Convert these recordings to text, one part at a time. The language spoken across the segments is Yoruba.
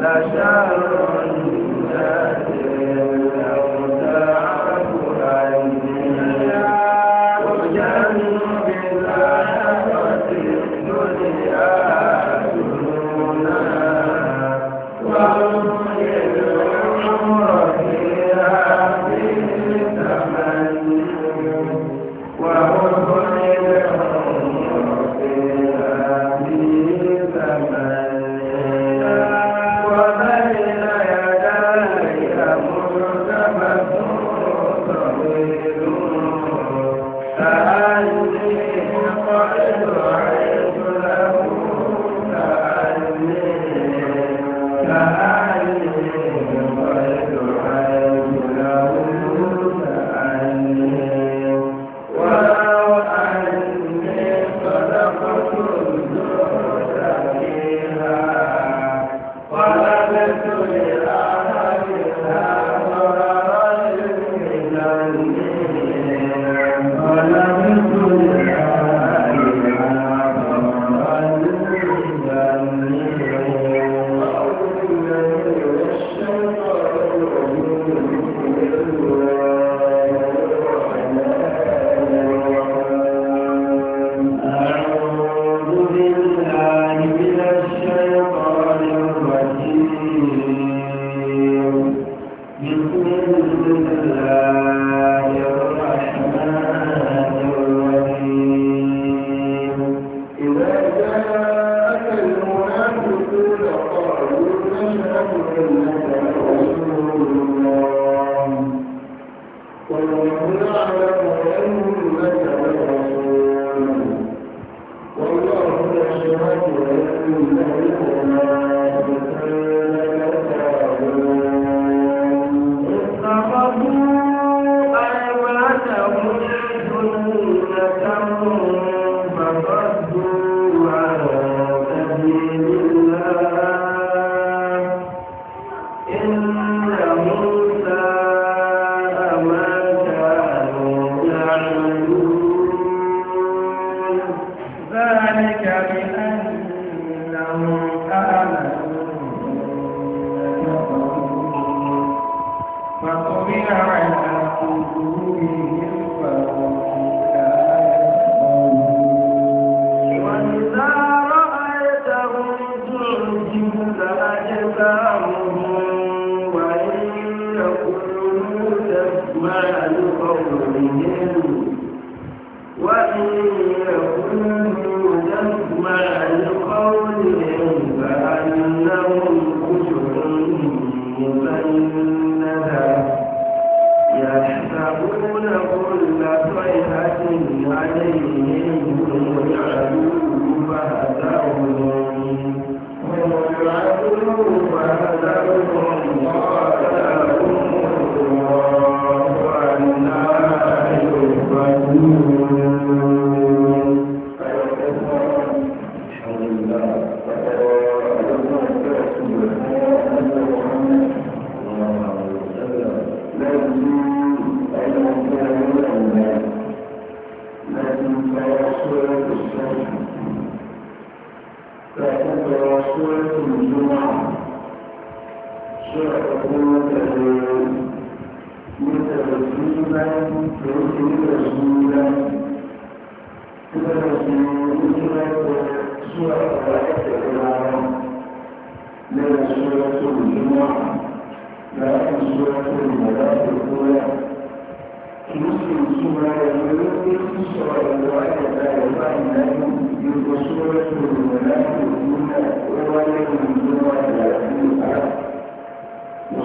لشر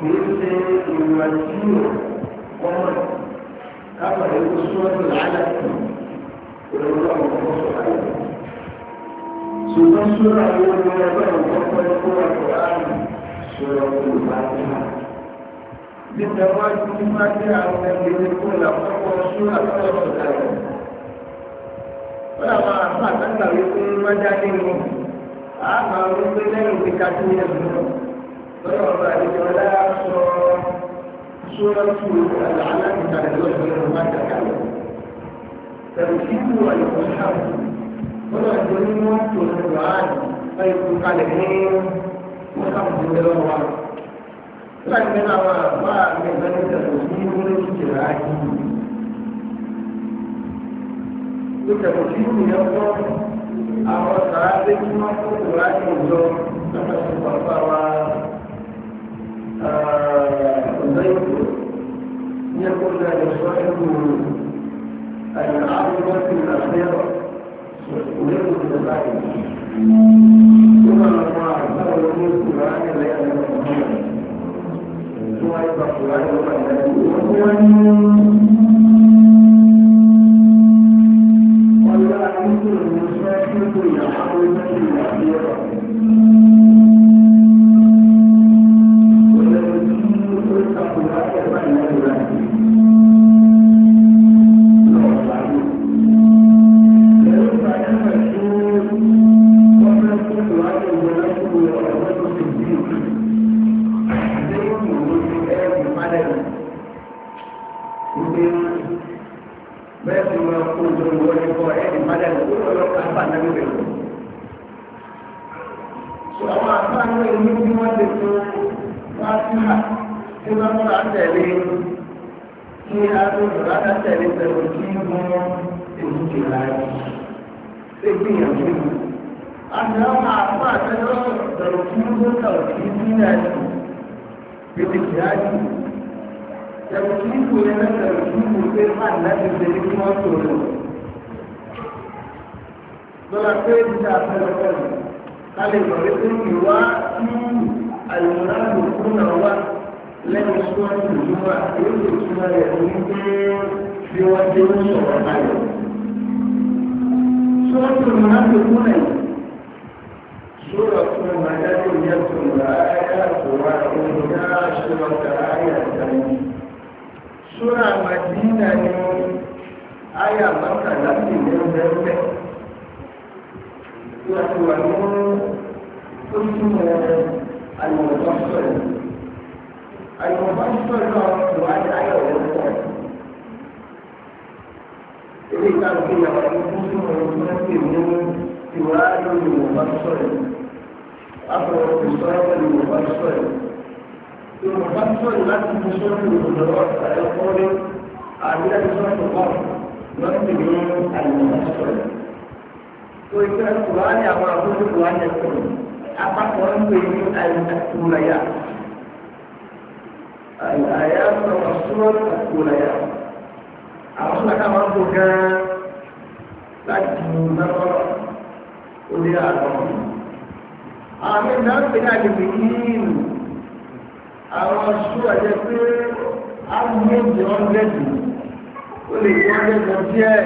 kìí ṣe ìwà tí ó kọ́mọ̀ káwọn èkó sọ́ọ̀tù lálẹ́ ìrọ̀lọ́ ọ̀pọ̀ sọ̀rọ̀ ṣùgbọ́n sọ́ọ̀rọ̀ àwọn ọmọ ẹgbẹ́ ìkọ́kọ́ ẹ̀kọ́ ẹ̀kọ́ ààrùn sọ̀rọ̀ olùbá tí wà. nígbà wọn ti máa dé àwọn ẹgbẹ́ kó làkọ́kọ́ sọ́ọ̀rọ̀ àtọ́sọ̀ dára. wọ́n àwọn àfáà sáńtà wípé wọ́n já nínú àmà فيعرض عليك ولا صورة صورة العلامة بتاع الزوج بين ما تتكلم تمثيل المصحف ولا يكون والقرآن فيكون قال اثنين مصحف من دلوه بعض لكن ما ما من ذلك التمثيل ولا الاجتماعي التمثيل يقوم àwọn sàádé tí wọ́n kó kó láti ìjọ lọ́pọ̀ sí pàpà wa يقول زيد يكن يصاحب العارضة الأخيرة ويقول متفاعل ثم الله أكبر يقول القرآن لا يعلم محمد ثم يقرأ القرآن وقد ولا يمكن المساكن يحاول الأخيرة البيت ذات الوطن قال يقول والمنافقون هو لن يسكن الجمعة يدركون يدين بوجه صورتين سورة المنافقون سورة مدد يدخل آيات وإذا سورة آيات سورة مدينة آية مكة لم يكن يعتبرون اسم المفصل المفصل يعد على المفصل إذا كان في اسم المفصل سواد المفصل أقرب بصواب المفصل المفصل لا تنسون المفصلات على القول عاملة بصوت الأرض نقتل المفصل tó ìgbẹ́ kùránì àwọn àbúrò kùránì ẹ̀kọ́ àpapọ̀ ń pè ní àìsàkùnrẹ̀yà àyà sọ̀rọ̀ sọ́ọ̀rọ̀ àkùnrẹ̀yà àwọn sọ̀rọ̀ máa ń bò gan-an láti lọ́wọ́ orí àgbọ̀n àmì náà ń pè ní àgbègbè yìí àwọn sọ̀rọ̀ jẹ́ pé àwọn méjì ọ̀rẹ́dì ó lè jẹ́ ọ̀rẹ́dì díẹ̀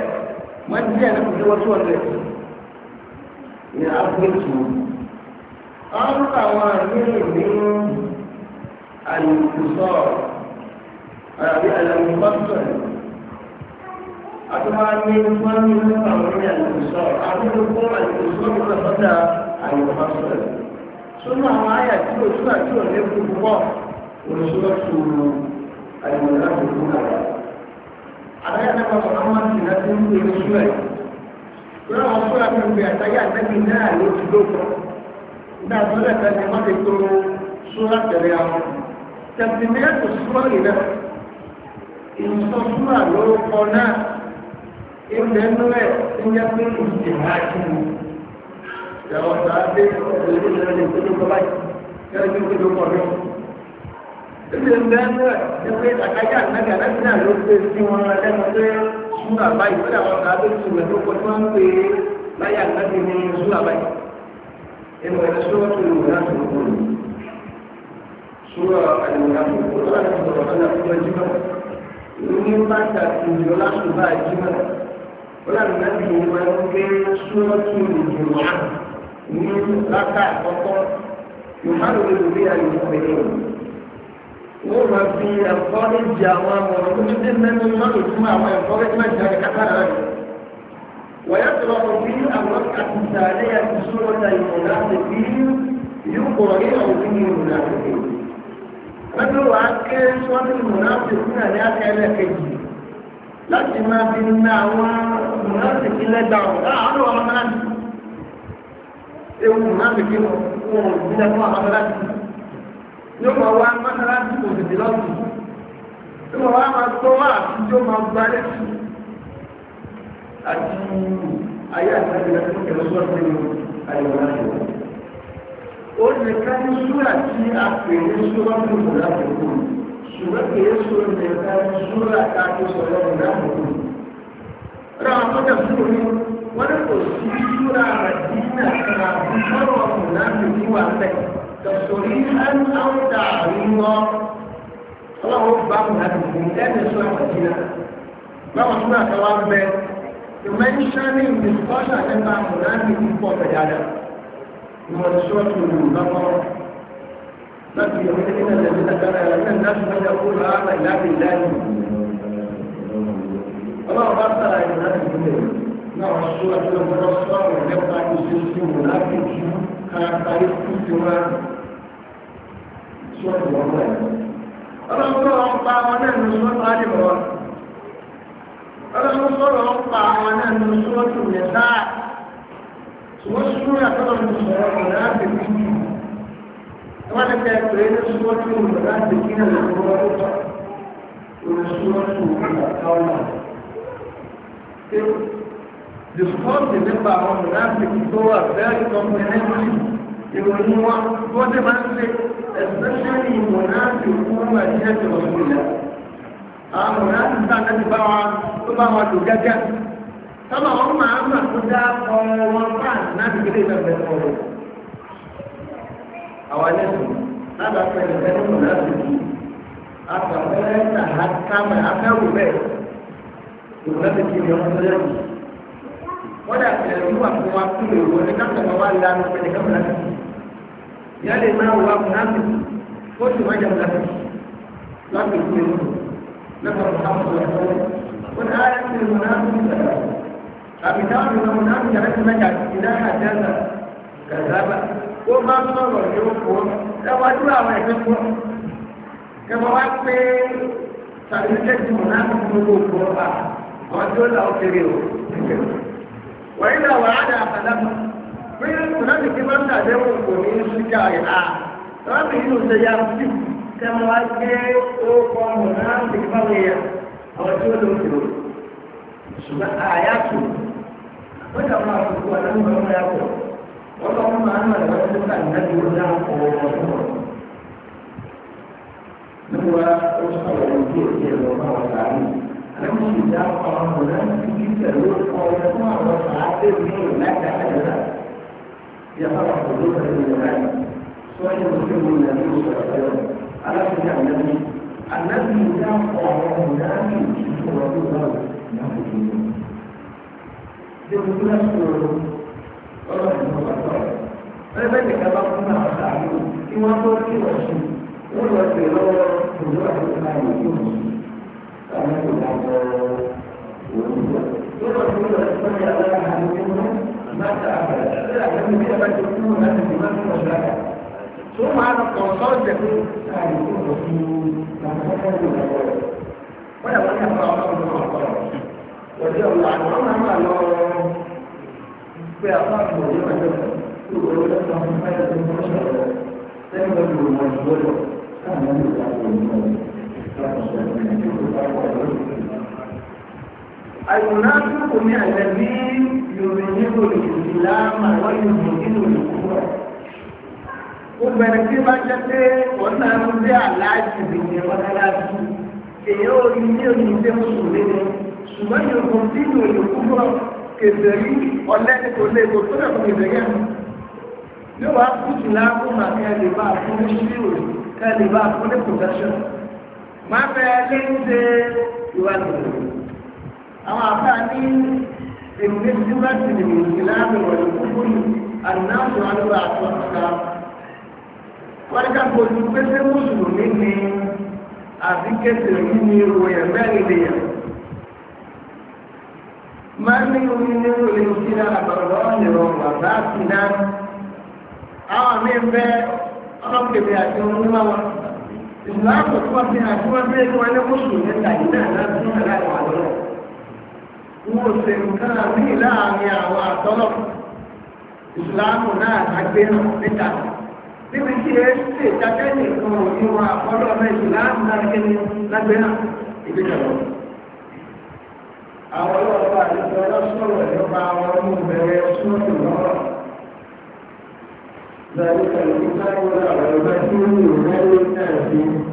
wọ́n díẹ̀ ní kùdú wọ́n tó ọ̀rẹ́dì ní áfíríkì ọ̀rọ̀ àwọn àgbélé nínú àyùkùsọ̀ àbí àyùkùsọ̀ àtúwájú fún nínú àwọn ní àyùkùsọ̀ àbúrò fún àyùkùsọ̀ nípa sọ́dà àyùkùsọ̀ sọ́nà àwọn àyà tí o tún àti òní kú púpọ̀ olùsọ́tù àyùkùsọ̀ àti òkú náà. àdáyà náà àwọn àti ìdájọ́ ń pè é lọ́nà àwọn fúlà tó ń gbé àtàyà àtàkì náà ló ti lóko náà tó lẹ́ta ní wọ́n ti tó súrà tẹ̀lé àwọn tẹ̀sí ní ẹ̀kọ́ súrà yìí náà ìsọ súrà lórúkọ náà ilẹ̀ inú ẹ̀ ń yẹ pé ìdè máa kí ni ìyàwó sàádé ìlú ìlú ìlú ìlú báyìí kẹ́rin tó lóko ọ̀dọ́ ìdè ń bẹ́ẹ̀ ní ẹ̀ ní pé àtàkì àtàkì àtàkì náà ló gbé sí wọn lẹ́nu pé súra báyìí ó dàgbà ká ló ti rẹ̀ ló kọjú wọn pé láyà nàbí ní súra báyìí ẹnu ẹ̀ súra tó lò náà tó lò súra àyùnà tó lò náà tó lò náà tó lò jùlọ ní bàtà ìjọ láti bá jùlọ ó dàgbà nàbí ní wọn àkọ́kọ́ yóò má lò lè lò bí wọ́n máa fi ẹ̀fọ́ ní di àwọn amọ̀ràn tó ti dé mẹ́nu náà tó túmọ̀ àwọn ẹ̀fọ́ kẹ́kẹ́ máa jẹ́ kátà rẹ̀. wọ́n yẹ kí wọ́n fi àwọn àtúntà alẹ́ àti sọ́wọ́ ta ìmọ̀ láti fi yóò kọ̀rọ̀ ní àwọn òfin yìí múná tó dé. wọ́n ké sọ́ọ́tì múná tó fún àlẹ́ àtẹ́lẹ̀ kejì láti máa fi na àwọn múná tó fi lẹ́gbàá ọ̀gá àwọn ọmọ náà yóò máa wá mọ́sálásí kò tètè lọ́sùn yóò máa wá máa tó wá àti yóò máa gba lẹ́sùn àti ayé àtàkì láti sọ́ọ̀tì nínú àyẹ̀wò àyẹ̀wò. ó a pè ní súrà fún ìmọ̀lá àkókò ṣùgbọ́n kì í súrà lè ká ní súrà ká ní sọ̀rọ̀ ìmọ̀lá àkókò. ọ̀rọ̀ àwọn akọ́jà fún mi wọ́n ní kò sí súrà rẹ̀ nínú àkàrà ìfọ́rọ̀ ọ̀mùlá àkókò wà bẹ́ẹ̀. تصريحا أو تعريضا الله بعض هذا الكلام يسوع مدينة ما وصلنا كلام بيت ومن شامل بالقشة تبع قرآن من قوة جالة ورسوة النظر لكن يقول إن الذين كانوا يلقون الناس من يقول هذا إلا بالله الله بارك على الناس بالله na sua colaboração, meu pai, os seus tribunais, que tinham características ọlọ́run sọ̀rọ̀ ń pa àwọn náà nù sọ́tọ̀ àdìbọ̀ ọlọ́run sọ̀rọ̀ ń pa àwọn náà nù sọ́tọ̀ yẹn sáà wọ́n sún àtọ́lọ́ ní sọ̀rọ̀ ọ̀rẹ́ àgbègbè yìí wọ́n ti kẹ́ pé ní sọ́tọ̀ ọ̀rẹ́ àgbègbè náà lọ́wọ́ lọ́tọ̀ Discuss the member of the Nazi Kutoa very comprehensive ìròyìn wọn wọ́n tẹ́ máa ń ṣe especially ìmọ̀láàtì fún ẹ̀ṣẹ́ ìrọ̀lẹ́ àwọn mọ̀láàtì sáà láti bá wa tó bá wa lò gẹ́gẹ́ sábà wọn máa ń gbà tó dá ọrọ̀ wọn bá láti gbé ìgbàgbẹ́ ọ̀rọ̀ àwọn ẹlẹ́sìn lábàápẹ́ ìgbẹ́ mọ̀láàtì yìí àtàwọn ẹ̀ṣà àkàmẹ́ afẹ́wò bẹ́ẹ̀ ìmọ̀láàtì kì í ọmọ sọ́yẹ́sì wọ́n dà tẹ̀lé wíwà fún wa kúlò ìwọ ní káfíńtà wa lánàá pẹ̀lú káfíńtà ìyá lè máa wà mùnáfíìsì ó sì máa jẹ mùnáfíìsì láti ìlú ìlú lẹ́kọ̀ọ́ mùnáfíìsì ọ̀rọ̀ wọn á yẹ kí mùnáfíìsì ọ̀rọ̀ àbíká wọn lọ mùnáfíìsì ọ̀rọ̀ ti mẹ́ta ìdá àjẹ́sà kàzába ó máa ń sọ̀rọ̀ ní òkú ẹwàjú àwọn ẹ̀fẹ́ pọ̀ kẹfọ́ wá pé tàbí kẹ́kì mùnáfíìsì gbogbo òkú ọ̀ wọ́n là ó kéré o wọ́n yìí pé tòlábì kí máa ń tàdéhùn kò ní ṣíkà rẹ̀ á tòlábì yìí ló ṣe ya sí kẹmọ wá gbé orúkọ ọmọ náà ń tèké fáwọn èèyàn àwọn tí ó lò ó lò ṣùgbọ́n àyà tù wọ́n dà máa fi kú àná ń bọ̀ ọ́nà yàtọ̀ wọ́n lọ́ mọ́ máa ń rà lọ́wọ́ tó kà nígbà tí ó dá ọ̀rọ̀ ọ̀rọ̀ nígbà ó sọ̀rọ̀ ojú òkè lọ́wọ́ àwọn sàárì àlẹ́ mọ́ ìdá ọmọ náà ti kí pẹ̀lú يقرأ قلوبا من العلم سؤال مسلم النبي صلى الله عليه وسلم ألا تدع النبي النبي يقرأ الناس سورة الله يقول يقول سورة الله Ẹgbẹ́ ìjọba fún àwọn àṣàlù tí wọ́n tó kí wọ́n sùn, wọ́n lọ sí lọ́wọ́ ìlú àti ìlànà yóò sùn. Àwọn ìlànà ọ̀rọ̀ òun lọ. Yóò lọ sí lọ́wọ́ ìpínlẹ̀ alára àti ìpínlẹ̀ tó máa lọ kàn sọ́ọ̀jẹ̀ pé káàdì tó lọ sí làkàkọ́ ní ìlọ́wọ́ rẹ̀ wọ́n yà wọ́n ní àpá ọlọ́run náà kọ́ wọ́n di ọ̀la àwọn máa máa lọ pé àpá àgbọ̀n yóò máa dẹ́kun tó lọ sí ọ̀la fún fáyà tó ń bọ́ sọ̀rọ̀ lẹ́yìn lọ sí òun àti lọ́dọ̀ káàdì náà lè wà lórí ọ̀la المنافق من الذين يذهب الإسلام ويذهب الكفر gbogbo ẹni tí bá jẹ́ pé wọn náà ń gbé aláàjì nìyẹn mọ́tàláàjì èyí ò rí ní òyìn tí mo sùn léde ṣùgbọ́n yòókù tí ìròyìn púpọ̀ kèfèrí ọ̀lẹ́ni kò lè kò tó lẹ́kùn kèfèrí ẹ̀mú yóò wá kùtù láàbù mà kẹ́lẹ̀ bá fún ní ṣírò kẹ́lẹ̀ bá fún ní protection má fẹ́ lé ń ṣe ìwádìí àwọn àbá ní èdè tí wọ́n ti lè mú ìlànà ìwọ̀lú púpọ̀ ní àdínáàtò alúwà àtọ́ta wọ́n ká gbogbo pẹ́sẹ́ mùsùlùmí ni àbí kẹsìrì yìí ni ìròyìn mẹ́rin lè yàn máa ní omi ní olè sí àbàrọ̀ ọ̀nìrọ̀ bàbá àti náà àwọn mi fẹ́ ọlọ́kẹ̀mẹ̀ àti onímọ̀ wọn ìsìláàmù tí wọ́n fi hàn tí ẹni wọn ní mùsùlùmí tàbí náà láti wọn ò ṣe nǹkan ní láàrin àwọn àtọ́lọ̀ ìsìláàmù náà àgbé hàn níta níbi tí ẹ ṣe ìdájọ́ nìkan òní wọn àkọ́lọ́ ọmọ ìsìláàmù náà kéde lágbé hàn ìgbésẹ̀ lọ. àwọn ọlọ́ọ̀bá àdìsọ ọlọ́sọ̀rọ̀ nípa àwọn ọmọ ìbẹ̀rẹ̀ súnmọ́tò lọ́rọ̀ lẹ́yìn pẹ̀lú ìgbà ìwọlé àwọn ẹgbẹ́ tí ó ń lò lẹ́yìn náà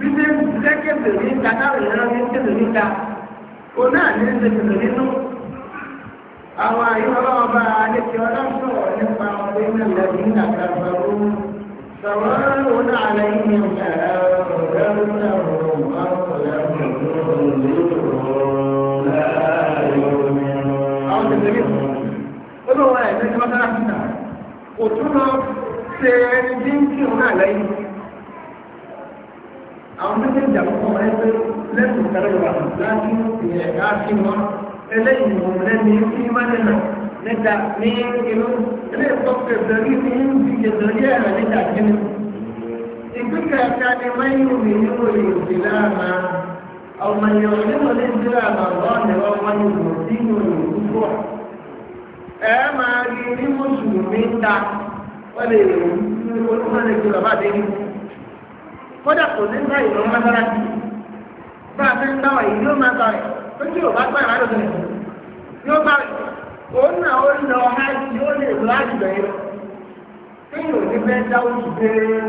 bíbí jẹ́ kébè ní ìta káwọn èèyàn ní kébè ní ìta o náà ní ṣe kébè nínú àwọn àyíwá báwọn bá adéke ọlọ́sọ̀rọ̀ nípa ọdún ilé ìlẹ́bí ní àgbàgbàgbó sọ̀rọ̀ òun náà lẹ́yìn ní ọ̀gá ọ̀gá ọ̀gá ọ̀gá ọ̀gá olùwà ẹ̀mí ni wọ́n sára fún ta òtún lọ ṣe ẹni tí ń kírun náà lẹ́yìn àwọn méjèèjì àkọ́kọ́ wọn ẹgbẹ́ lẹ́sùn kẹrẹ́wà láti ìyẹ̀ káàkiri wọn eléyìí wọn lẹ́ni tí má nínà níta ní inú ilé ìtọ́kẹ̀ ìdọ̀rí ní ìdí ìdọ̀rí ẹ̀rọ níta kínní. ìgbésẹ̀ ẹ̀ka ni mẹ́yìn mi ní orí ìdílé àmà ọmọ ìyọ̀rọ̀ nínú ní ìdílé àmà lọ́ọ̀nì ọmọ ìlú tí ìlú púpọ̀. ẹ máa rí ní mùsùlùmí ta wọ́n lè rí kódà kò ní bá ìlú mọ́sálásí bá a fi ń bá wà yìí yóò máa bá rẹ̀ ó tí ò bá gbà rà lóde yóò bá rẹ̀ òun náà ó lọ ájì ó lè lọ ájì bẹ̀rẹ̀ lọ kéèyàn ò ní fẹ́ dáwọ́ jù bẹ́ẹ̀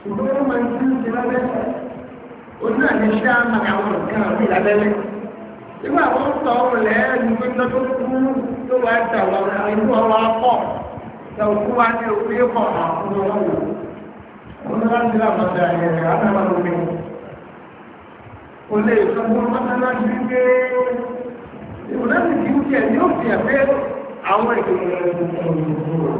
ṣùgbọ́n ó máa ń tún ṣe lábẹ́ òun náà ní ṣá máa àwọn nǹkan àbí lábẹ́lẹ́ nígbà tó ń sọ ọ́ lẹ́ ẹni pé lọ́dún kú ló wá dà wà inú ọ̀rọ̀ mọ́sálásí láwọn ọ̀dà ẹ̀rẹ̀ àtàwọn omi o lè sọ fún mọ́sálásí pé ìwòlẹ́sì kí ó jẹ́ ní òfin ẹ̀fẹ́ àwọn ìgbìmọ̀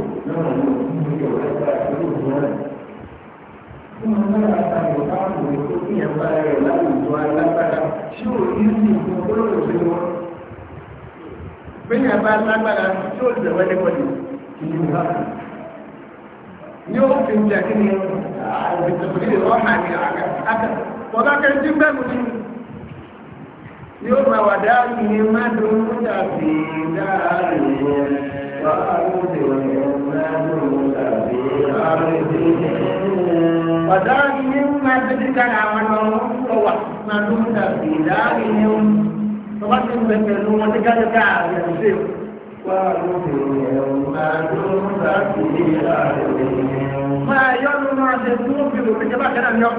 Bẹ́yìn àbá lágbára tí ó lè wẹ́lẹ́kọ̀ọ́ ní ó fi jẹ́ kí ni ìtòkìlì ọ̀hà ní àgbà tọ́lá kẹ́ńtì bẹ́ẹ̀ ni ní ó máa wà dáàbì ní mẹ́dùn tàbí dáàbì wà á lóde mẹ́dùn tàbí àrùdí. Wàdáàbì ní mẹ́dùn tàbí àwọn ọmọ tó wà mẹ́dùn tàbí dáàbì ní ó. Tọ́lá kẹ́ńtì bẹ́ẹ̀ ni wọ́n ti máa yọ ní máa ṣe fún òfin òfin jẹba kẹ́nà yọ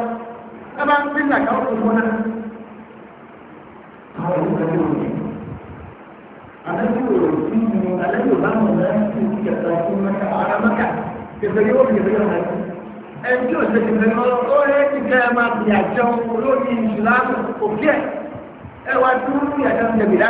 ẹ bá ń pín ìgbàgbọ́ òfin fún náà. àwọn ìgbàgbọ́ òfin àlejò òfin ni àlejò bá mọ̀ náà ti ń jẹ̀ta fún mẹ́ta ara mẹ́ta kẹfẹ́ yóò fi ìfẹ́ yọ̀ náà. ẹni tí ò ṣe ti fẹ́ ó rẹ́ ti kẹ́ ìjẹ̀bìlá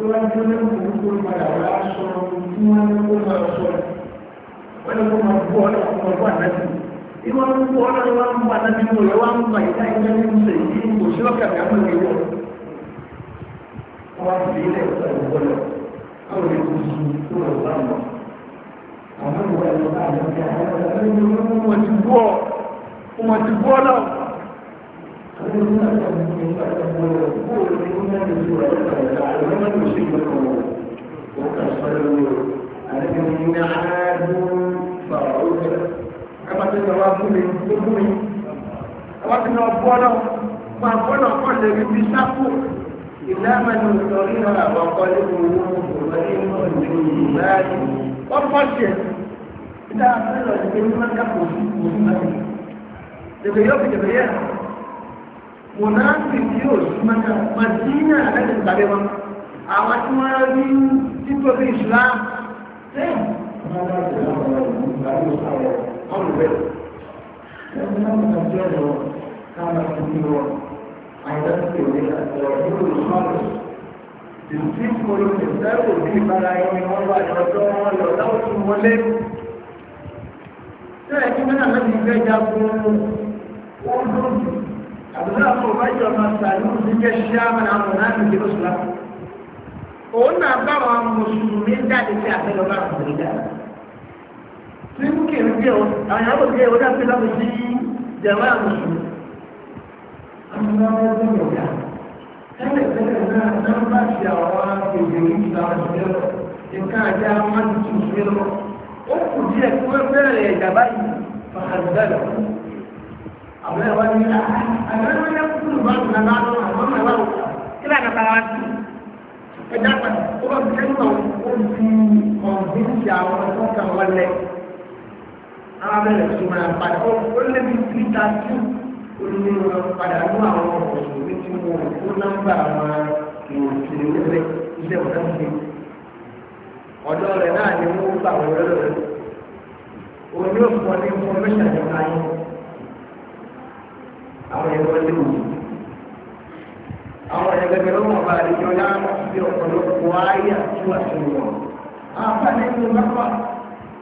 ó ń bú ọlọ́run wá ń bú ànábì mú rẹ̀ wá ń bá ìdá ìdá ní ìṣe yìí kò sí lọ́kà bí wọn. wọ́n á ilé ẹ̀kọ́ ìwọ́lọ̀ káwọn lè kó sí kó lọ bá wọn. àwọn ìwà ìwà àlọ́ ìlàmàlù ìtọ́rínà àwọ̀kọ́ nínú wọ́n pọ̀ṣẹ̀ ìdá àfẹ́lọ̀ ìgbẹ̀rún mẹ́ta kò sí ìgbẹ̀rún mẹ́ta mùnàfì tí ó súnmọ́ta màdínà láti pàdé wọn àwọn tí wọ́n rí títóbi islam tẹ́ ọ̀rùbẹ̀ Ìsìnkòrò ìsẹ́rò bí ìbára ẹni wọ́n wà lọ́jọ́ wọn lọ láwọn tí wọ́n lé. Tẹ́ẹ̀ kí mẹ́ta lọ́dún ìgbẹ́jà fún ọdún àbúrò àwọn òbájọ́ ọmọ sàlùmù ti jẹ́ ṣíámà àwọn ọ̀nàmì ìdílé ṣùlá òun náà báwọn mùsùlùmí jáde sí àtẹlọba àtẹlẹ dára tí mú kí n bí ọ àwọn yàrá òkè ọjà fi lọ́wọ́ sí jẹ̀wọ́ àmùsùlùmí. àwọn ọmọ ẹgbẹ́ mi ọ̀gá tẹ́lẹ̀ tẹ́lẹ̀ náà náà bá ṣe àwọn èdè ìgbà ọ̀sẹ̀ lọ nǹkan àjẹ́ àwọn àti tùsùn lọ ó kù díẹ̀ kí wọ́n bẹ̀rẹ̀ ìjàmbá yìí fàkàdúgbà lọ́wọ́ àwọn ẹ̀wọ́n ní àwọn ẹ̀wọ́n yẹ kúrú bọ́ọ̀lù náà bá lọ́wọ́ àwọn ẹ̀wọ́n kí lànà bá wá sí ẹja pẹ̀lú ó bá fi kẹ́kọ̀ọ́ ó fi ọ̀gbìn ti àwọn ọ̀tọ́ kan wọlé àwọn abẹ́rẹ́ tó máa padà ó lé bí títà tù ó ní wọn padà ní àwọn ọ̀sùn ní tí wọn kó nọ́mbà àwọn ìròyìn nílẹ̀ iṣẹ́ wọn ti ọ̀dọ́ rẹ̀ náà ni wọ́n gbà wọ́n lọ́wọ́ òní òfin ọdún information nípa yẹn àwọn ẹgbẹ́ lè wù. àwọn ẹgbẹ́ bẹ̀rẹ̀ wọn bá àlejò láàmú bí ọ̀pọ̀lọpọ̀ ayé àti wàtí wọn. àǹfààní ìlú mẹ́fà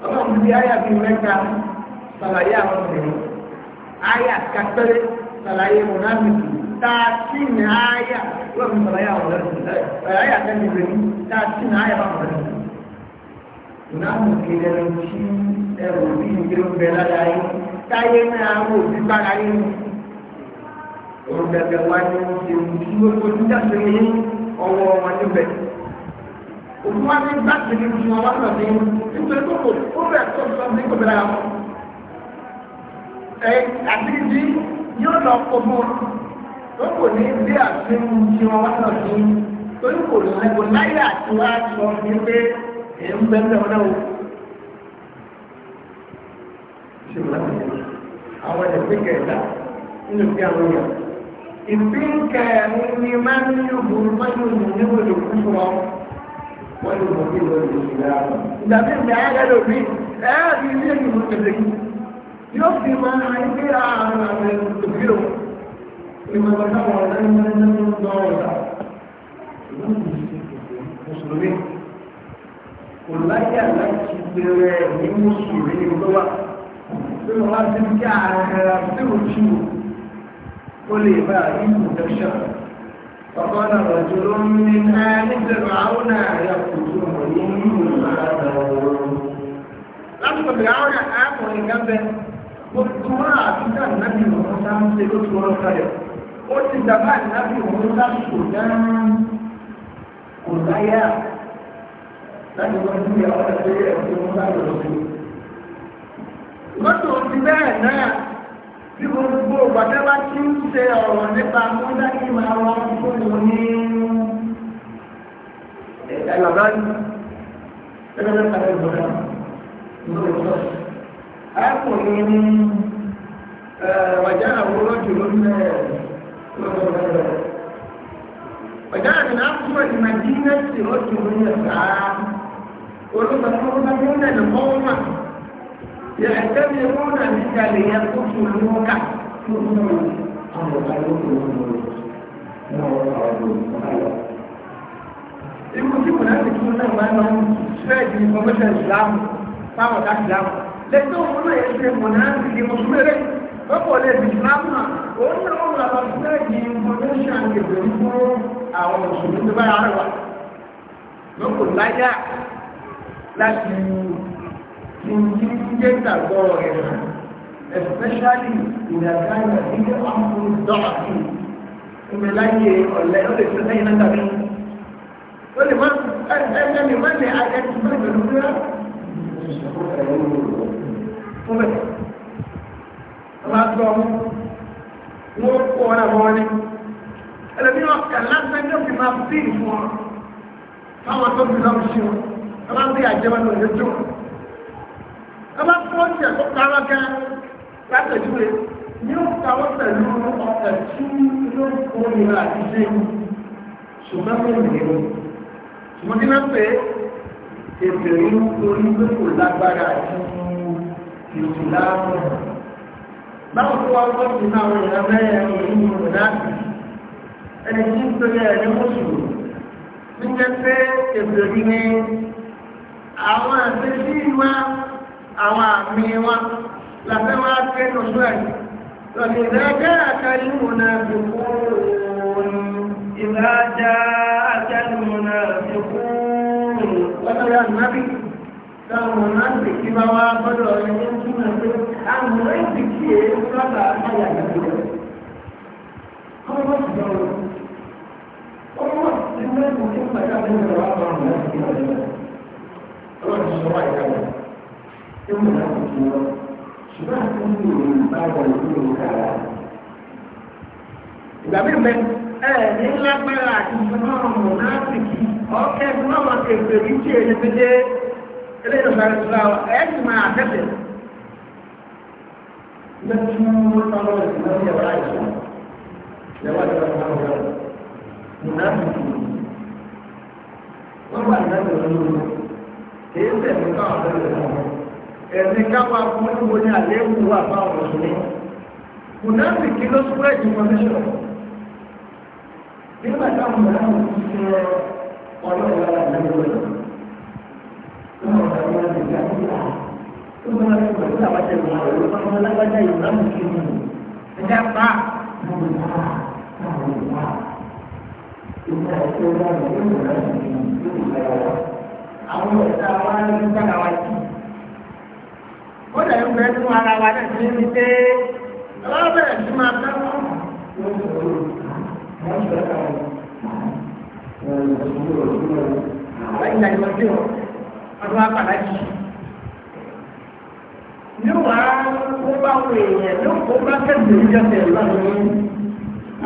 ọlọ́run ti ayé àbí mẹ́ta sàlàyé àwọn obìnrin. ayé àkàtẹ́rẹ́ sàlàyé mọ̀nàmìtì tààtì ní ayé lọ́run sàlàyé àwọn ọ̀rẹ́ ayé àkàtẹ́rẹ́ tààtì ní ayé àwọn ọ̀rẹ́ mọ̀nàmìtì lẹ́nu tí ẹrù bí ìgbéró bẹ́ẹ̀ lára yín táyé náà wò bí bára yín òun gẹ́gẹ́ wá ní ìṣèlú tí ó fojú jáde ní ọwọ́ wọn níbẹ̀. òun wá ní gbàgbé ní oṣù wọn wá lọ sí nítorí tó kò ó bẹ̀ tó sọ ní kò bẹ̀rẹ̀ àwọn. ẹ àti ìdí yóò lọ kókó tó kò ní bí àfihàn tí wọn wá lọ sí torí kò lẹ́kọ̀ọ́ láyé àti wá sọ ní pé èyí ń bẹ́ẹ̀ bẹ́ẹ̀ wọn náà wò. ṣé wọn lọ sí àwọn ẹ̀sìn kẹta nínú bí àwọn èèyàn. تلك لمن يظلم الكفر ويبطل الاسلام ده مين ده قالوا فيه اه دي مين المتدين يفضي ما هيبيع على التفكير لما ذكروا الان من الدولة مسلمين والله لا تشتري المسلمين دوا في الغرب بتاعها بتوجيه ولبائن تشر فقال رجل من آل فرعون يقتلون منهم لماذا تكون هناك افضل من اجل ان تكون هناك افضل من اجل ان تكون هناك افضل من اجل ان تكون هناك افضل من اجل ان تكون هناك افضل من اجل ان تكون هناك افضل من اجل ان تكون هناك افضل من اجل ان تكون هناك افضل من اجل ان تكون هناك افضل من اجل ان تكون هناك افضل من اجل ان تكون هناك افضل من اجل ان تكون هناك افضل من اجل tí gbogbo ìgbàdá bá ti ń ṣe ọ̀rọ̀ nípa mọ́dá kí máa wá fún mi ní ẹ̀làbáyé ẹgbẹ́ mẹ́ta ní ìgbàdá lórí ọ̀sán. arákùnrin ní wàjá àwọn olójú ló ń bẹ̀rẹ̀ lọ́dọọdọ. wàjá àmì náà fún ọ̀dì màdínà sí ọ̀dì lórí ọ̀sán. olùsọ̀tún ọ̀dọ́ ní ọ̀dẹ̀ lọ́wọ́ máa. يعتبرون بك ليقتلوك Ibu tí kò láti tún náà máa máa ń fẹ́ẹ̀dì information ìsìláàmù táwọn ọ̀dá ìsìláàmù. Lẹ́tọ́ òun náà yẹ ṣe mọ̀ náà ti di mùsùlùmí lọ́pọ̀ lè di ìsìláàmù náà. Òun náà wọ́n máa máa fẹ́ẹ̀dì information ìgbèrú fún àwọn mùsùlùmí tó bá yára wa. Lọ́pọ̀ láyà láti ìdí jẹ́ gbàgbọ́ rẹ̀ hàn especially ìdàgbàgbà nílé ọ̀hún dọ́ọ̀tì ìmẹ̀láyé ọ̀lẹ́ ó lè fi lẹ́yìn náà dàbí ó lè máa ẹgbẹ́ mi máa lè ayẹ́ tí wọ́n lè lórí rẹ̀ fún bẹ́ẹ̀ máa gbọ́ wọn kó wọn àbọ̀ wọn ni ẹlẹ́bí wọn kà lásán yóò fi máa bí ìfún wọn fáwọn tó fi lọ́wọ́ sí wọn wọn máa ń bí àjẹmọ́ lórí ojú wọn ọba pọ́ǹtì ẹ̀kọ́ kára gẹ́ látẹ̀júwe ní ó kàwọ́ pẹ̀lú ọ̀pẹ̀ tí ló kó nira àti ṣe ṣùgbọ́n kò nìyẹn ṣùgbọ́n kí náà pé èbèrè ń torí pé kò lágbára àti ìsìláàmù báwo tó wá gbọ́ sí náà wọ́n yẹn bẹ́ẹ̀ ẹ̀rọ ìlú rẹ̀ láti ẹni tí ń torí ẹ̀ ní mùsùlùmí níjẹ́ pé èbèrè ni àwọn àti sí ìwà àwọn àmì wọn làfẹ́ wá pé lọ́sọ ẹ̀ lọ́sẹ̀ ìdájá àkàlùmọ̀nà fi kúrò ìdájá àkàlùmọ̀nà fi kúrò lọ́sọ̀rọ̀ ànábì táwọn ọ̀nàbì kí bá wá gbọ́dọ̀ ẹni túmọ̀ pé àwọn ẹ̀sìn kí èé sábà ayà ìgbìyànjú ọmọ bá ti dọ̀rọ̀ ọmọ ti mẹ́rin ní pàtàkì ìrọ̀lá ọmọ rẹ̀ sí ọ̀rẹ́ rẹ̀ ọlọ́run sọ wáyé káwọn tí wọ́n náà ti lọ ṣùgbọ́n àti ní ìròyìn báwọn ìlú ìkàrà. ìgbà mí mẹ ẹ ní lágbára àti ìṣúná ọmọ náà sì kí ọkẹ fún ọmọ kẹfẹ rí tí èyí ti dé eléyìí ọ̀sán ìṣúná ẹ ti máa tẹ̀sẹ̀. ilé tí wọ́n ń lọ ìṣúná ìyàwó àìsàn ìyàwó ẹ̀sìn kápá fúnmọ́ ní àléébù wà fáwọn mùsùlùmí mùnáfìkì ló spread information nígbà táwọn mùnáfìkì ṣe ọlọ́run lára ìlú rẹ̀ lọ́wọ́ àwọn àgbègbè àdúgbò tó máa ń sọ̀rọ̀ sí àbájá ìlú rẹ̀ ló máa ń lágbájá ìlú láwọn kìíní ẹ̀dá pa àwọn ọ̀sán wa ń gbára wa jù ó lè ń bẹ nínú ara wa náà ní ní pé ọlọ́wọ́ bẹ̀rẹ̀ sí máa fẹ́ mọ́. Ìgbà ìwọ sí ọ, ọdún apàdá yìí. Yóò wá kó bá wọ èèyàn yóò kó bá kẹ́sì ìjọsẹ̀ lọ́dún yìí.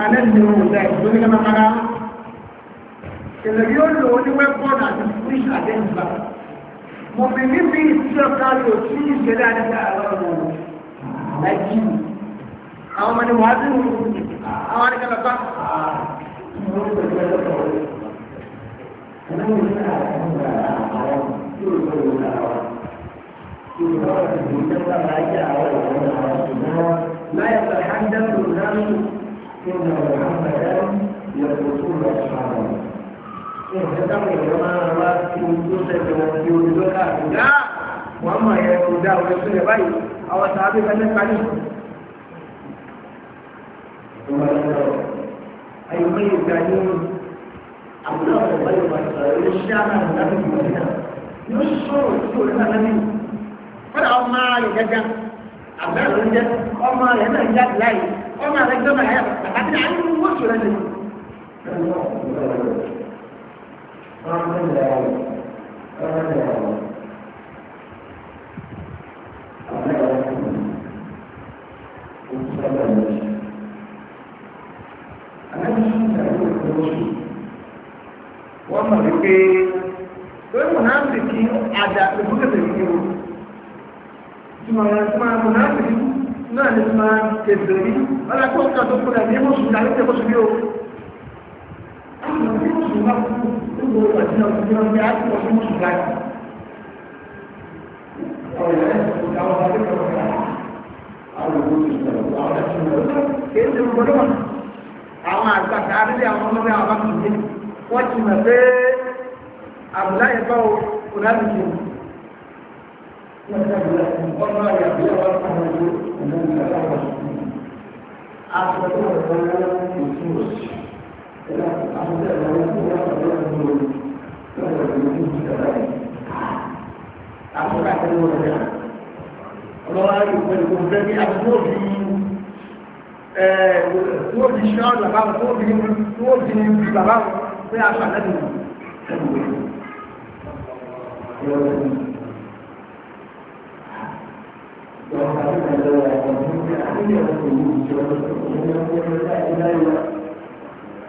Alẹ́ ni mo ń gbà ìgbó ní kẹ́mẹ́kára. Èlè yóò lò ó ní wẹ́pọ̀nù àti mùmìnì bí ìṣẹ́ kárí òtún ìṣẹ̀lẹ̀ àdíjà àwọn ọmọ nàìjí àwọn ọmọ ni wà á dínú àwọn àdíjà lọ́pá لا يتحدث الناس إن محمدا يقول سبحانه nǹkan táwọn èèyàn máa ń wá sí ojú ṣẹlẹ̀ wọn fi ojú lọ́kà àgbà wọn mọ̀ ẹ̀ kò dá òwe sílẹ̀ báyìí àwọn sàábì fẹ́lẹ́ parí. àyùmọ̀ ìgbà ni àbúrò àwọn ọ̀gá yóò máa sọ̀rọ̀ ilé iṣẹ́ àmàlù lábẹ́ ìgbà náà yóò sọ̀rọ̀ sí orí náà lábẹ́ ìgbà. fọ́dà ọmọ rẹ̀ gẹ́gẹ́ àbúrò rẹ̀ jẹ́ ọmọ rẹ̀ náà jáde ọmọ Amen Lord. Amen Lord. Amen Lord. O Senhor é hoje. Amen Senhor é hoje. Wọ́n mọ̀ wípé lórí mùnáàmì kí àdàpè búkẹ́tẹ̀ yìí o. Ìtumọ̀ yẹn tí máa mùnáàmì náà ní tí máa tẹ̀sẹ̀ rí. Wọ́n lọ kó ọ̀kan tó kúrẹ̀ ní mọ̀sùn ní àlejò ẹ̀kọ́ sùn bí o. Àwọn àgbàkà àrílẹ̀ àwọn ọmọdé àwọn bá kìí wọ́n ti mọ̀ pé àbúláyé bá òlábìkì ọmọ àyàbí àwọn ọmọdé àwọn ọmọdé àwọn ọmọdé àkókò àtẹnudọ́ rẹ̀ ọlọ́wọ́ ayé pẹ̀lú kò fẹ́ bí àbúrò bí wọ́n fi ṣọ́ bàbá wọ́n fi bí bàbá pé a ṣà lẹ́nu Thank you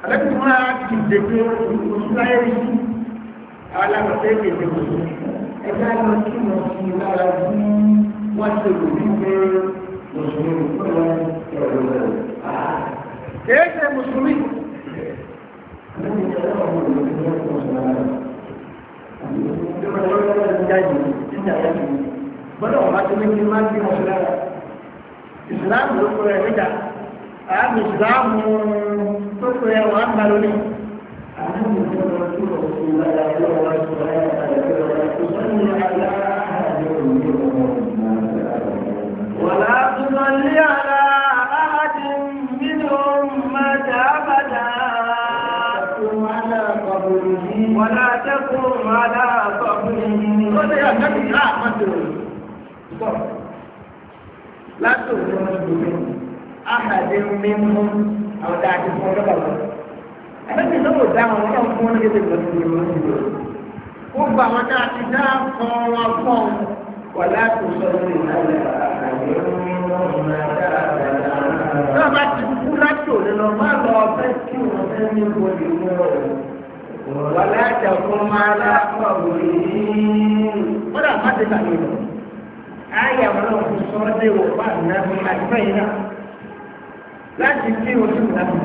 alẹ́bí máa ti dèké ìsúláyé yìí alábàtẹ́ ìdèké ẹgbẹ́ lọ sí lọ sí lára bí wọ́n ṣe lò ní pé mùsùlùmí fún ẹ̀rọ rẹ̀. kìí ṣe mùsùlùmí. Bọ́dọ̀ wọ́n bá ti ní kí máa ń bí wọn lára. Ìsìláàmù ló kọ́ ẹ̀ níjà. Àmì ìsìláàmù tó pè é wọn á gbà lórí. àmì ìjọba tó lọ sí ìlànà ìjọba wa sọ ẹ́ àdàbẹ̀rẹ̀ wa kò sọ́ni aláàbẹ̀ òní ọmọ mímú àwọn tá a ti fún ọlọ́pàá lọ. Àbẹ́bí lọ́wọ́ dá àwọn ọlọ́run fún ọ́nà gẹ́gẹ́ lọ sí ìlú ìlú. Ó gba àwọn tá a ti dá fún wọn fún wà láti sọ ní ìlànà náà bá ti kú láti òde lọ má lọ ọbẹ̀ kí wọ́n fẹ́ ní ìwọlé wọn. Wà láti ọkọ̀ máa lápá òwe yìí. Wọ́n dà má ti kàwé lọ. Ayé àwọn ọlọ́run sọ ọ́ dé wọ̀ bá àdúrà fún àdúrà yìí náà láti kí oṣù nàbì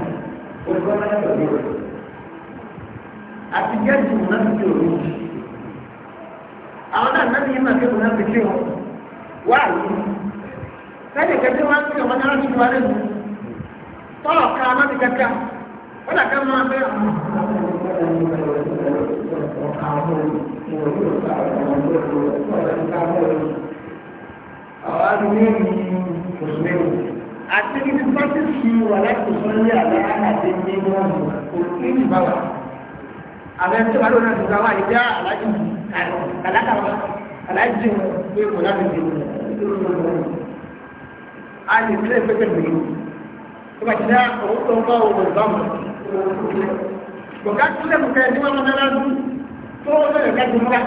olùkọ́ náà yọ̀ ní rẹ̀ àti gẹ́gì nàbì tí òun jì àwọn náà nàbì yìí nàbì òun nàbì kí wọn wá àlùkù sẹ́yìn kẹ́kẹ́ wọn kí ọmọdé wọn ti wá lẹ́nu tọ́lọ̀ ká nàbì kẹ́kẹ́ ó dàgbà máa bẹ́ àwọn àwọn àlùkù yẹn ní mùsùlùmí àti ibi tó ti fi wà láti fún ilé àlọ́ àti ní wọn òkú ìgbà wà. àwọn ẹni tó wà lónà tó wà ní bí aláàjì kàlákàwà aláàjì pé kò láti fi a lè fi lè pépè mi tó bá ti dá owó tó ń bá owó ìgbà mọ̀ bọ̀gá tó lè mú kẹ́ ní wọn mọ́tà lásù tó wọ́n lè ká jùmọ́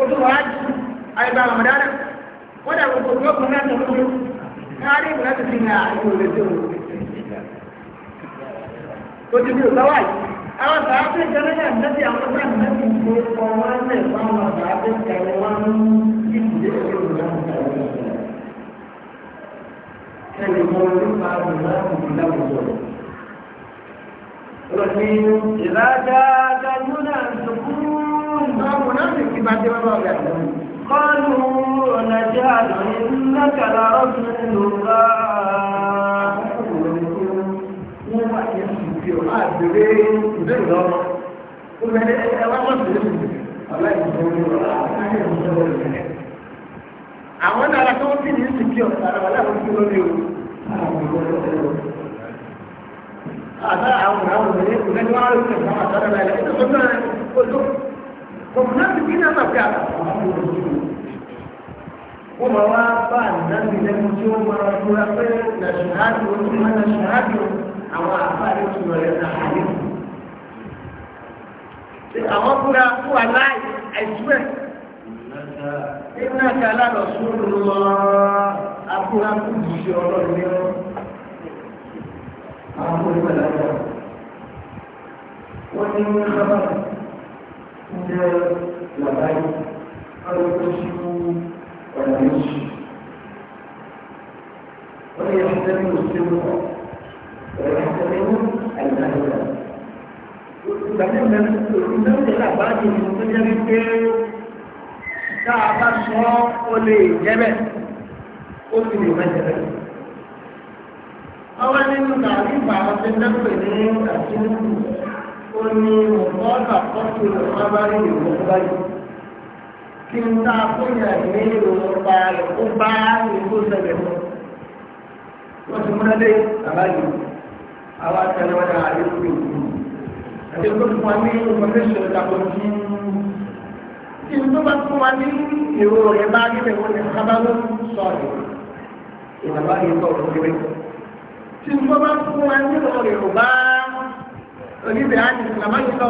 ó tó wàá jù àyíká àmàdára wọ́n dà gbogbo ọkùnrin náà tó ń kárí ìmọ̀lẹ́sì ti ní àárín òde tí òun kò ti bí òsáwà yìí àwọn sàáfì ìjọba ìjọba àwọn sàáfì ìjọba ìgbé ọwọ́ ẹ̀ fáwọn sàáfì ìjọba wọn ní ìdílé ìjọba kẹ́lì mọ́ nípa ìlànà ìlànà ìjọba. Rọ̀sí ìlàjà Gajúnà Sùkúrù. Báwo náà ti kí bá dé wọ́n lọ́ọ̀rẹ́ àgbọ̀n? قالوا نجعل إنك لرسول الله àwọn dára tó ń fi ní ìsìnkí ọ̀sán àwọn aláwọ̀ tí lórí o àtàrà àwọn àwọn ọmọdé kò lẹ́nu àwọn olùkọ́ àwọn àtàrà láìláì tó tó náà mọ̀mọ́láfíkì náà máa fi àkàkọ́ wọ́n máa wá bá àdìdáńdì lẹ́nu tí ó máa fura pé nàṣàádì ó ti máa nàṣàádì ó àwọn àbáyé tó lọ yẹn náà àlè. àwọn fúra fún aláì ẹ̀sùn ẹ̀. iná ti alálọ̀ sóòlù lọ fún ìṣe ọlọ́run ní wọn jẹ́ làbáyé ọdún tó ṣíkú ọ̀nà méjì wọ́n yẹ kí sẹ́ni ò sí mú ọ ẹ̀rọ ìṣẹ̀lẹ̀ mú àìsàn ìgbàdé mẹ́rin òfin mẹ́rin làbáyé ni tó jẹ́ wípé tá a bá nínú tàbí ìgbà àwọn ń dẹ́kun ní àti nínú ó ní mọ̀mọ́nà kọ́tù lọ́bárí ìwọ̀nbárí kí n ta fúnyà ní ìrọ̀lọ́pá rẹ̀ ó bá ìlú sẹ̀lẹ̀ mọ́ wọ́n ti múná dé àbáyé àwọn àtẹnudà àdéhùn ìlú àti tó fún wa ní information ìdàpọ̀ sí kí n tó bá fún wa ní èrò rẹ̀ bá nílẹ̀ wọ́n ní sábàlú sọ̀rọ̀ ìdàbáyé tó rọ̀ níbẹ̀ tí n tó bá ní èrò rẹ̀ bá oníbẹ̀ á ní ìlànà máa ń lọ.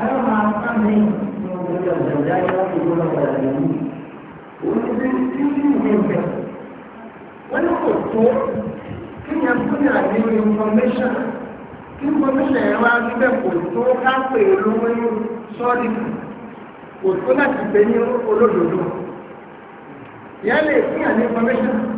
Àwọn máa ń bá mi ní ọjọ́ ìjọba yóò fi gbọ́dọ̀ padà nínú. Oníbẹ̀ tí ó ń gbé bẹ̀. Wọ́n ní kò tó kí ni a fún ní àdéhùn information. Kí information yẹn wá níbẹ̀ kò tó ká pè é lówó ní sọ́ọ̀dì. Kò tó láti gbé ní olódodo. Ìyá lè fún àdéhùn information.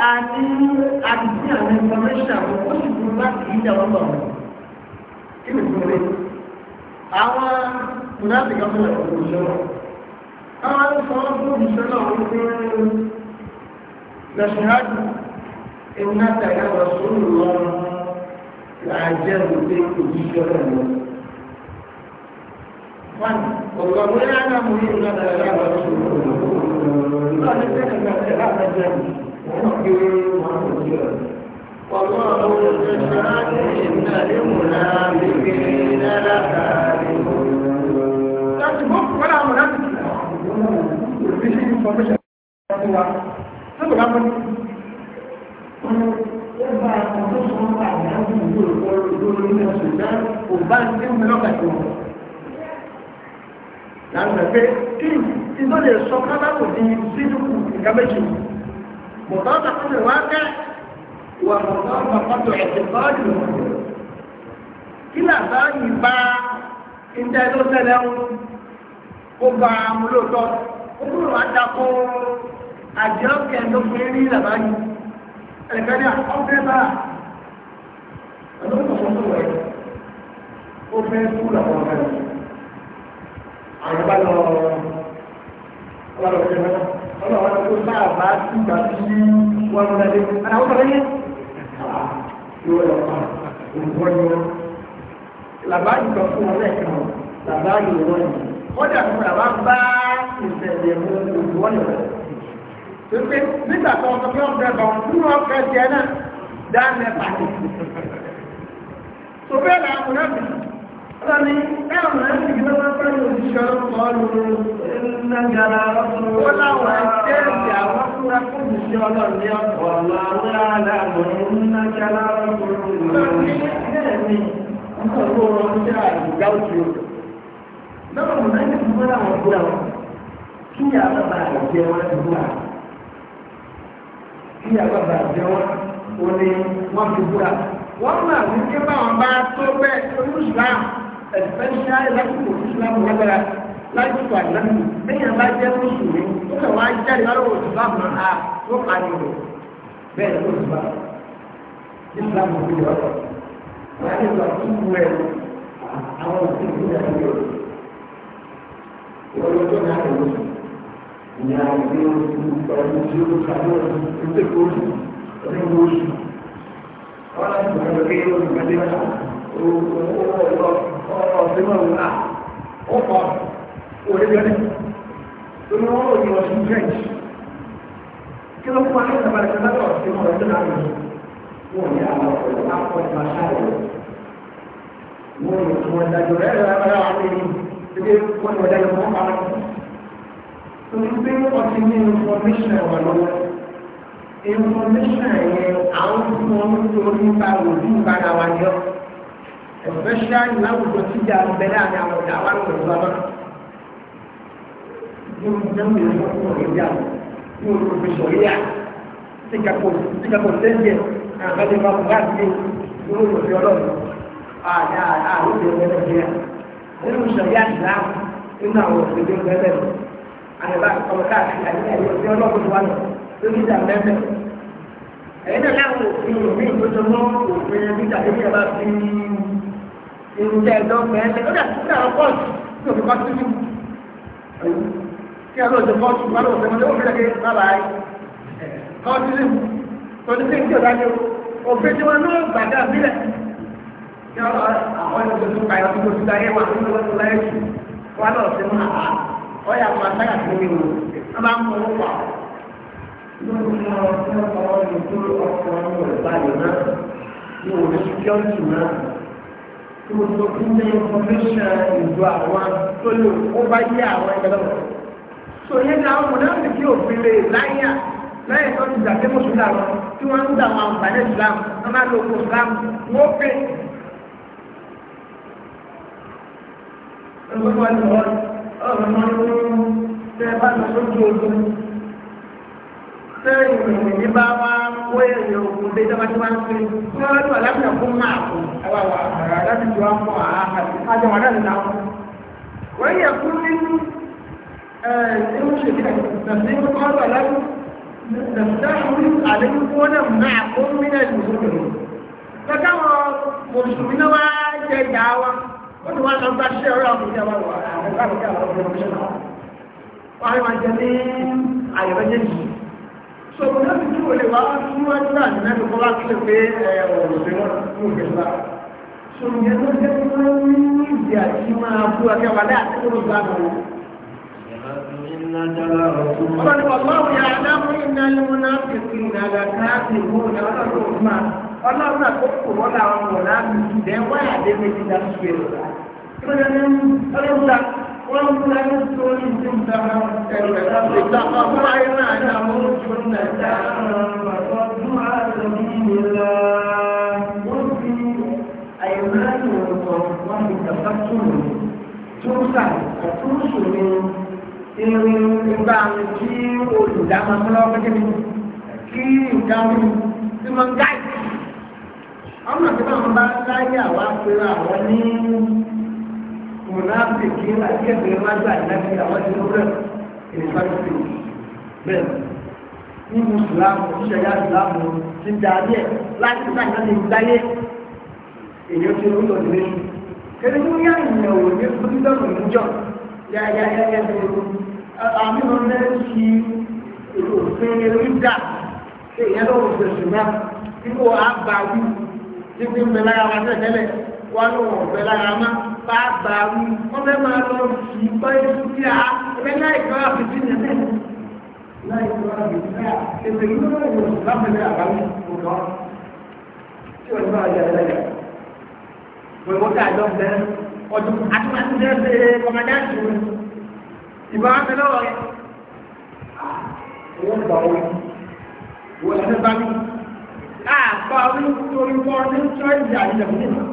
àti àdìsí àwọn information àwọn ó sì fún láti yí àwọn ọmọ wọn kí ni fún mi àwọn mùnàbí kan fún ẹ̀kọ́ òṣèlú àwọn ìfọwọ́ fún òṣèlú náà wọ́n fi lọ́sùnrájú iná tàyà lọ sórí wọn láàjẹ́ òde òṣèlú wọn. wọn ọ̀gbọ̀n bóyá náà mo yí ìlànà ẹ̀rọ àwọn òṣèlú wọn lọ́sùnrájú iná tàyà lọ sórí wọn láàjẹ́ òde òṣèlú wọn. Láàrín pé kí ìtọ́lẹ̀ sọ kábàkù ní sídùkù ìgbàmẹ́jì مطابقة الواقع ومطابقة اعتقاد المسلم كلا ذلك با انت لو سلام ọba amúlòtọ́ ọkùnrin wa dákọ́ àjẹ́ọ̀kẹ́ ẹ̀ndọ́gbẹ̀rẹ́ ní ìlàbá yìí ẹ̀lẹ́gbẹ́ ní ọ̀fẹ́ bá ọ̀dọ́gbọ̀sọ́tọ̀ rẹ̀ ó fẹ́ kú làwọn ọ̀fẹ́ rẹ̀ àwọn ìbá lọ ọ̀rọ̀ ìjọba ọlọ́wọ́ tó náà bá sí ìgbà tí wọ́n mú lẹ́lẹ́ ara ó sọ̀rọ̀ yẹn yóò lọ pa òǹkọ́ ni wọn làbá nǹkan fún wọn lẹ́ẹ̀kan làbá yìí wọ́n yìí kọ́dà fún làbá bá ìṣẹ̀lẹ̀ mú òǹkọ́ ni wọn pépé nígbà tó ọkọ̀ yóò bẹ̀rẹ̀ bọ̀ nínú ọkọ̀ ẹ̀jẹ̀ náà dá mẹ́ta ni. sọ bẹ́ẹ̀ làwọn ọ̀rẹ́ mi Sani, ẹ̀rùn náà ti gbé wọ́n fẹ́ òṣìṣẹ́ ọlọ́run ní Nàìjíríà lọ́pọ̀. Wọ́n láwọn ẹgbẹ́ ìyá wọ́n fúnra fún òṣìṣẹ́ ọlọ́run ní ọ̀pọ̀ àwọn aláàbọ̀ ní Nàìjíríà lọ́pọ̀. Lọ́pọ̀ ní ọ̀pọ̀ ọ̀rọ̀ ní àìgbá òjò. Lọ́pọ̀ náà ti fún wọn àwọn ọ̀gbọ́n kí ìyá bàbá àjẹ́ wọn ti búra. Kí ìyá bàbá àjẹ́ wọn ó ní wọ́n ti búra. Wọ́n máa ń ké báwọn bá tó bẹ́ẹ̀ ẹ̀sìpẹ́ni ṣáà lásìkò ìsìlámù lágbára lásìkò àìlámù lẹ́yìn bá jẹ́ mùsùlùmí ó kàn wá jáde lọ́wọ́ ìsìlámù náà ló pa ní ìlú bẹ́ẹ̀ ló ti bá ìsìlámù tó yọ ọ́ láti lọ sí ìwé àwọn òfin ìlú náà yọ ìwọ́n lọ́jọ́ náà lè lọ ìyá ìgbé oṣù ọdún tí ó kàwé ọdún tó tẹ̀kọ́ oṣù ọdún oṣù ọlọ́run ìgbàlódé oṣù gbàdé náà. Information wà lọ́wọ́. Information yẹn àwọn tí wọ́n ń torí bá wò ní ìbára wa jọ especially láwùjọ tí ìjà ń bẹ láàrin àwọn ọ̀dà wa lọ́wọ́ ìlú abá yóò jẹ́ mi lọ́wọ́ fún ọ̀rẹ́ ìjà yóò lọ fi sọ̀rí à síkàpọ̀ sẹ́ńdíẹ̀ àbájẹ́ bá wù láti yé yóò lọ fi ọlọ́run àdá àwọn ìjọba nàìjíríà nínú sọ̀rí àdìrà nínú àwọn òṣèlú bẹ́ẹ̀ àyẹ̀bá ọmọ káàkiri àti ẹ̀yẹ òfin ọlọ́run wà lọ lórí ìjà mẹ́fẹ́ ẹ̀yìn náà irúgbẹ́ ẹ̀dọ́gbẹ́ ẹ̀ṣẹ̀ lọ́dà tó dára pọ́ọ̀tù tí òfin bá tún níwú kí a lọ́ọ̀dọ̀ pọ́ọ̀tù bá lọ́ọ̀dọ̀ ọmọdé ó fẹ́rẹ̀ kí bàbá yìí kọ́ sí níwú tó ní sí ìjọba ní òfin tí wọ́n náà gbàdá sílẹ̀ kí àwọn ẹ̀ṣẹ̀ tó kàyọ̀ tó ti dáyé wà nínú ọdún láyé jù wà náà sí mú àbá ọ̀yà máa gbogbo ilé information ìlú àwọn tó lè ó bá yí àwọn ẹgbẹ́ lọ́wọ́. so yẹn ni àwọn mọ̀nà ti kí òfin lè láyà láyà tó ti gbà pé mùsùlùmí àwọn tí wọ́n ń gba àwọn àǹfààní islam wọ́n máa lo oko islam wọ́n pè. ọ̀rọ̀ wọn ni wọ́n ọ̀rọ̀ wọn ni tẹ́ bá lọ sójú ogun sẹ́yìn ìrìnì bá wá kó èrè òkú dé tọ́bátíwá ń fi tí wọ́n lọ́wọ́ láti ọkùn máa kú ẹwà wà àrà láti jọ ọkọ̀ àjọ wà náà nìyàwó. wọ́n yẹ kú nínú ẹ̀ẹ́dẹ́gbẹ̀ṣẹ̀ tàbí kọ́ ọ̀rọ̀ láti tẹ̀síwájú àdéhùn tí wọ́n náà máa kó mílẹ̀ ìdúró. tọ́jà wọn mùsùlùmí náà wá jẹ ìyá wa ó ti wá lọ bá ṣẹ́ ọ̀rọ̀ àwọn ìjà wa wà àwọn ìjà wa wà so wọ́n ti tún olè wá fún ẹgbẹ́ àti mẹ́rin kọ́ bá kílẹ̀ pé ọ̀rọ̀ sí wọn fún ìgbésà so ìyẹn tó jẹ́ pé wọ́n ní ìdí wa láti kúrò gbà mọ́ Ọlọ́run ni wọ́n máa yà ádámú iná lẹ́wọ́n náà fi sí ìrìnàjà káàkiri mú ìyá àkókò wọ́n làwọn wọ̀ láàbì ìdẹ́wọ́ àdébẹ́jì dá sí ẹ̀rọ. Ìgbẹ́jọ́ ní ọlọ́run ومن كنتم تحرون تموتن دعما فصدوا عن سبيل الله وفي أيمانكم ومن تفكروا túnṣà túnṣù ni irin nígbà tí olùdámọ̀ fúnlọ́wọ́ pé kí kí ìdáhùn tí wọ́n gáì. ọmọ tí wọ́n bá láyé àwa pé àwọn ní mùnáfíkì àti ẹgbẹ̀rún lágbà ìdájí àwọn ìdúró ìrìnfàṣì bẹ́ẹ̀ ní mùsùlámù ìṣẹ̀yà ìsìlámù ti ń darí ẹ̀ láti sáyà ní ìdáyé èyí ó ti ń lọ nílé yìí kẹ́lẹ́ ní yá ìyẹ̀wò ní fúdídọ́rù níjọ́ yáyáyáyá ní àmì wọn lẹ́ sí òfin rídà ṣe ìyẹn lọ́wọ́ ìṣẹ̀ṣùmá kíkó àbáwí tí fi ń bẹ lára wa tẹ̀lé wọn ló wọ̀ fẹ́ lára má bá bá wí wọ́n fẹ́ máa lọ sí ìgbọ́ ìlú bí a ẹgbẹ́ láì gbọ́ àfẹ́sí ní ẹgbẹ́ láì gbọ́ àfẹ́sí ní ẹgbẹ́ ìlú lọ́wọ́ láfẹ́lẹ́ àbáwí kò lọ tí wọ́n bá yà lẹ́yà wọ́n wọ́n ká àjọ bẹ́ẹ̀ ọdún àtúmọ̀tún bẹ́ẹ̀ ṣe kọ̀mọ̀dáǹtì ìbá wọn fẹ́ lọ́wọ́ rẹ̀ wọ́n gbà wọ́n wọ́n ṣe bá mi àgbà wí wọ́n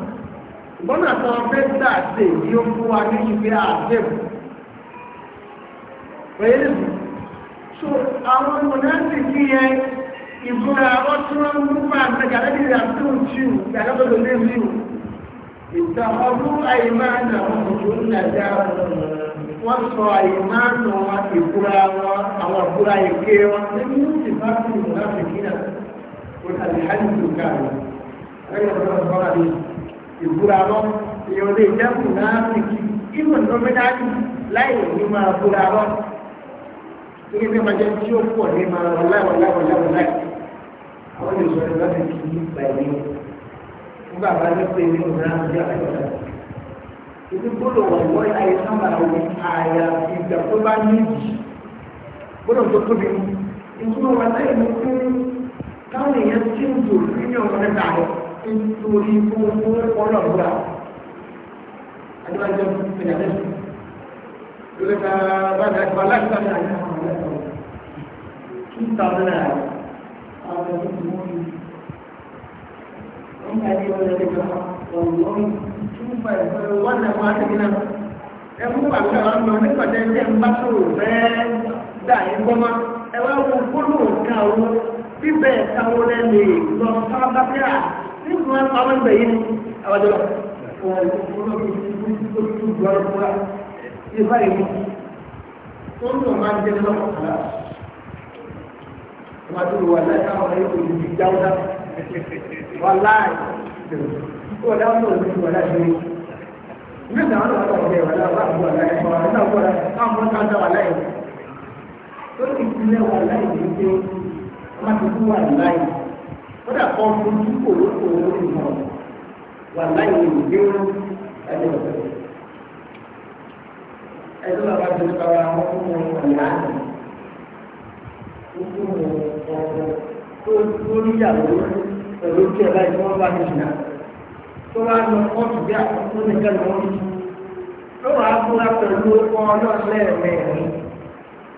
ṣùgbọ́n náà sọ fẹ́ gbà ṣe ní ó fún wa ní ìgbé àgbẹ̀wò pẹ̀lú ìlú so àwọn mọ̀nàtì kí ẹ ìbúra ọtún nípa àgbẹ̀gàdẹ́bí àtúntò tí ò gbàgbọ́ ló lé mi ò ìta ọdún àìmáàna àwọn òṣèlú nàìjíríà wọ́n sọ àìmáàna ìbúra wọn àwọn ìbúra èké wọn nínú ìbáfíì mọ̀nàtì kí náà wọ́n tàbí hàn ìbúra rọ èèyàn lè dẹ́kun náà sì kí ìmọ̀ nọ́mínálì láì ní máa búra rọ ní bí ọmọdé tí ó pọ̀ ní máa rọ láì wọlé wọlé wọlé àwọn lè sọ ìgbà tó kì í gbà yín nígbà bá ní pé ní ìmúra ń jẹ́ àyọ̀dá ìdí gbọ́dọ̀ wà wọ́ ayé sábà wọ àyà ìgbà tó bá níjì gbọ́dọ̀ tó tóbi ìtumọ̀ wà láì mú fún táwọn èèyàn tí ń dò nítorí fún fún ọlọ́ ọ̀gbà adébájọ́ ìpìlẹ̀ lẹ́sùn lórí ká bá dà gbà láti bá dà ní àwọn ọ̀lẹ́sọ̀ kí n tàbí náà àwọn ọ̀lẹ́sọ̀ tó wọ́n yìí wọ́n ká ní ọ̀lẹ́sọ̀ tó wọ́n wọ́n tún fà ẹ̀fọ́ wọn nà wọ́n á tẹ̀lé náà ẹ̀fọ́ pàṣẹ àwọn ọmọ nípa tẹ̀ ẹ̀ ń bá sọ̀rọ̀ bẹ́ẹ̀ dà ẹ̀ gbọ́mọ́ ẹ̀ wá wọ́n gbọ́dọ̀ ká wọn bíbẹ̀ káwọn lẹ́ ní ìfún wa pàmò ìgbà yìí ni àwọn jọlọ wọ́n tó máa ń jẹ́ lọ́wọ́ kàlá wọ́n máa tó wà láì káwọn ọ̀rẹ́ yóò di jáwọ́dá wà láì wọ́n dáwọ́ náà ló ti wà láì lórí ní ìdáwọ́ náà wà láì wà láì wà láì wà láì wà láì wà láì káwọn ọmọ ká dá wà láì tó ti tilẹ̀ wà láì ní pé wọ́n ti kú wà láì kódà kọ́ fún tí kò ló kò ló ń mọ̀ wà láyé ìdí wọn ẹni ọ̀sẹ̀ ẹni lọ́ba ti ń sọ̀rọ̀ àwọn ọmọ ìyá àná kókó ọ̀rọ̀ tó lórí ìyàwó pẹ̀lú kí ẹ báyìí wọ́n bá ní ìyá tó bá lọ kóòtù bí àkókò nìkan ni wọ́n ti tó wàá fúnra pẹ̀lú ọkọ̀ ọlọ́ọ̀lẹ́ẹ̀mẹ́rin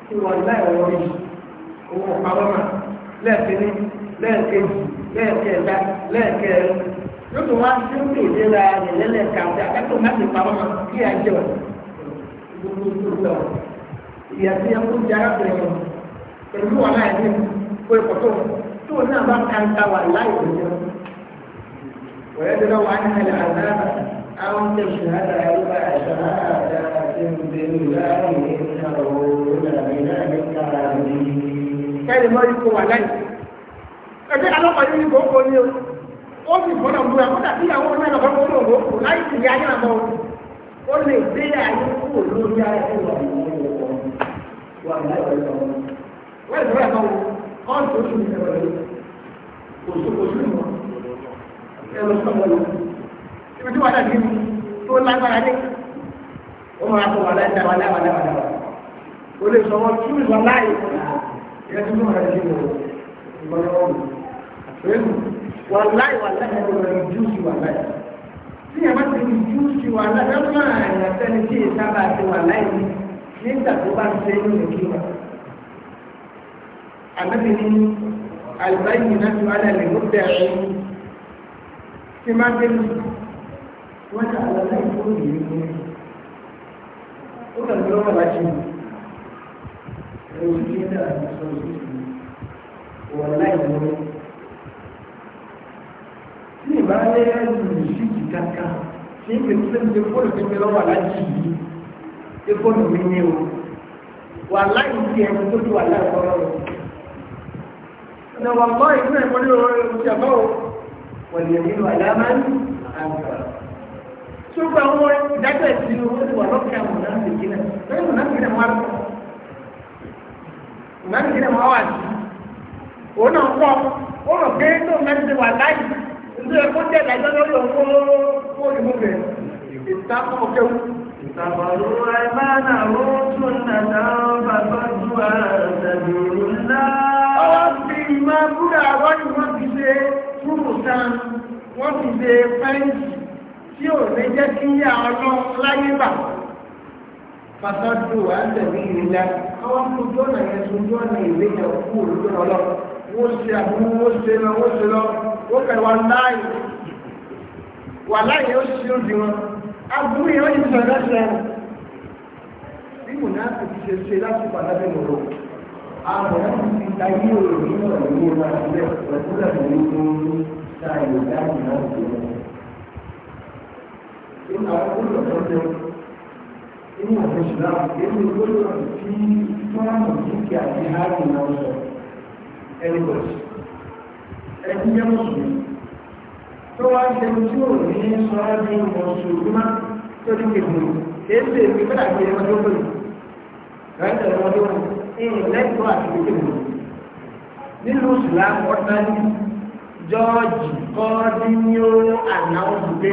tí wọ́n láì lẹ́ẹ̀kẹta lẹ́ẹ̀kẹrin yóò tún wá sí ní ìlera rẹ̀ lẹ́lẹ́ka ọ̀dà akẹ́kọ̀ọ́ má ti pamọ́ kí a jẹ ọ̀ gbogbo ìgbà ìyá tí ẹkú jẹ arábìnrin wọn pẹ̀lú wọn náà ní kó ẹ̀kọ́ tó tó náà bá ká ń ta wà láì lè jẹun wọ́n yẹ wà ní ẹ̀lẹ́ àdáàbà àwọn tẹ̀ ṣùgbọ́n àyùbá àṣà àdáàbà ti ń bẹ̀rù láàrin ìṣàrò ìlànà ìlànà ìkàrà ẹbí alọ́pàá ní gbogbo ní o ó sì gbọ́dọ̀ múra kó dàbí ìyàwó ọmọ ẹ̀rọ kan gbọ́dọ̀ gbò kò láì sì yá yàrá mọ́ ó lè dé ayé kúrò lórí ayé ìwà ìwà ìwà ìwà ìwà wọ́n ìwà ìwà ọ̀n tó tún ìwà ìwà òṣòkòṣò ìwà ẹ̀rọ sọ̀rọ̀ lọ ibi tí wàá dàbí tó lágbára dé ó máa kó wà láì dáwà dáwà dáwà dáwà ó lè sọ wọn tún ìwà láì ìrẹsì tó wà láì dé ìwà ìwà ìwà wàláì wàláì ẹ̀rọ rẹ̀ júùsì wàláì tí ẹ̀ bá ti di júùsì wàláì lọ́dún náà àyàn sẹ́ni tí èyí sábà ti wàláì ní nígbà tó bá ń ṣe inú rẹ̀ kí wà. àbẹ́bí ni àlùbáyìí náà ti wàláì lè lóde ẹ̀rọ tí má dé mi wọ́n ti àlọ́láì tó lè rí ó kàn lọ́wọ́ láti mi ẹ̀rọ òṣìṣẹ́ náà sọ òṣìṣẹ́ wàláì lọ́wọ́ ní ìbáraẹ̀ ẹ̀rù ìṣíkì kankan tí ń pèsè ní fóònù pípẹ́ lọ́wọ́ aláàjì yìí tí fóònù mi ní o wà láì sí ẹni tó ti wà láì kọ́rọ́ rẹ̀. ọ̀nà wà mọ́ ìlú ẹ̀kọ́ ní ọ̀rọ̀ ẹ̀rù ti àbá o wọ̀n lè nínú àlámá ní àgbà. ṣùgbọ́n àwọn ìdájọ́ ìsinmi owó ti wà lọ́kẹ́ àwọn náà lè kí náà lẹ́yìn náà kí náà wà lọ. ìgbà kí náà wà wà sí. òun náà kọ́ ó rò pé tó ń ní ẹ̀kọ́ jẹ́ ìdájọ́ lórí ọ̀pọ̀ fún ìmúbẹ̀ ìtàkùn ọ̀kẹ́wù. Ìtàbàlú àìmáàna rúntún nàdá bàbá jù àtàbìrù ńlá. Ọwọ́ ti máa búra wọ́n ni wọ́n ti ṣe túrù kan, wọ́n ti ṣe fẹ́ǹsì tí ò ní jẹ́ kí ní àwọn láyé bà. Bàbá jù àtàbìrù ńlá. Ọwọ́ ti jọ́nà yẹn tó jọ́nà ìwé wọ́n ṣe àwọn wọ́n ṣe lọ wọ́n ṣe lọ wọ́n kẹ̀rẹ̀ wà láì wà láì ó ṣe òdì wọn agbúrú yẹn wọ́n yìí sọ láti ẹ̀rọ bí mo náà ti ṣe ṣe láti pàdánù ìmọ̀rọ̀ àwọn ti ta yí òòrùn ní ọ̀rọ̀ ní ọ̀rọ̀ àtúnlẹ̀ pẹ̀lú ẹ̀rọ ní oòrùn ta ìrọ̀dá ìrìnà òjò inú àwọn olùdókòwò inú àfẹsùn náà èmi olùdókòwò tí fọ́nrán òjì kí àti hàrì náà sọ̀rọ̀ anybody ẹni jẹ́ mùsùlùmí tó wá ṣe tí ò ní sọ́rọ́ ní mùsùlùmá tó ní kèbùrù kéèsè ní bẹ́ẹ̀ àti ẹ̀rọ tó pẹ̀lú rẹ́ńtẹ̀ ẹ̀rọ tó pẹ̀lú ẹ̀yìn lẹ́tọ́ àti kèbùrù nílùú ìsìlámù ọ̀tá ní jọ́ọ̀jì kọ́ ní ní ó ànáwùsù pé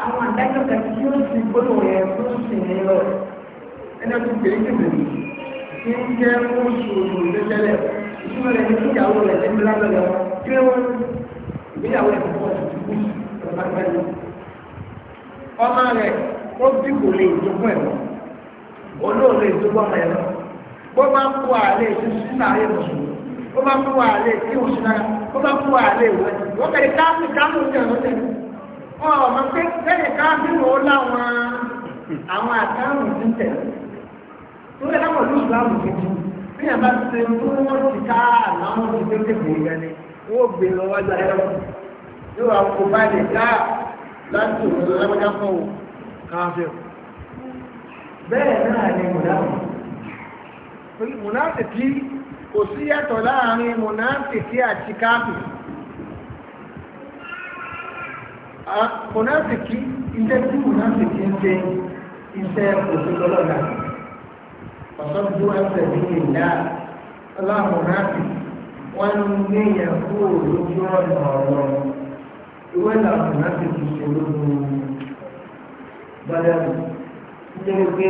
àwọn adájọ́ kan tí yóò ti gbọ́dọ̀ yẹ fún ìsìn lọ ẹni ọdún kìí kìí kí ń jẹ́ fún ìṣòro lẹ́lẹ́lẹ́ ìṣúná rẹ̀ ní ìyàwó rẹ̀ ní ìlànà rẹ̀ kí wọ́n ìgbéyàwó rẹ̀ púpọ̀ sí ìlú ọmọ rẹ̀ ó bí kò lè dógún ẹ̀ olóò lè dógún ọmọ ẹ̀ lọ bó bá kú àlè ìṣúná ayé mùsùlùmí bó bá kú àlè kí òṣùná bó bá kú àlè ìwé wọn ò mọ̀ pé lẹ́yìn káàbíwò ó láwọn àwọn àtàrùn ti tẹ̀ tó lẹ́ láwọn ìlú ìsìláàmù ti bí yàrá ti ṣe tó wọ́n ti ká àláwọn ti tó kéde ìgbà ni wọ́n gbé lọ wájú ayélujára yóò wá kó báyìí ká láti òkú lọ́wọ́dá fún o káàbíwò bẹ́ẹ̀ náà ni mùnáfìkì mùnáfìkì kò sí yàtọ̀ láàrin mùnáfìkì àti káàbíwò. mọ̀nàfìkì iṣẹ́ tí mọ̀nàfìkì ń ṣe iṣẹ́ òṣèlọ́lọ́dà ọ̀sọ́dún ẹsẹ̀ ní ìdá ọlọ́mọ̀nàfì wọ́n ń gbéyàn kúrò lójú ọ̀nà ọ̀rọ̀ ìwé làwọn mọ̀nàfìkì ṣe lójú bọ́dẹ̀lù nítorí pé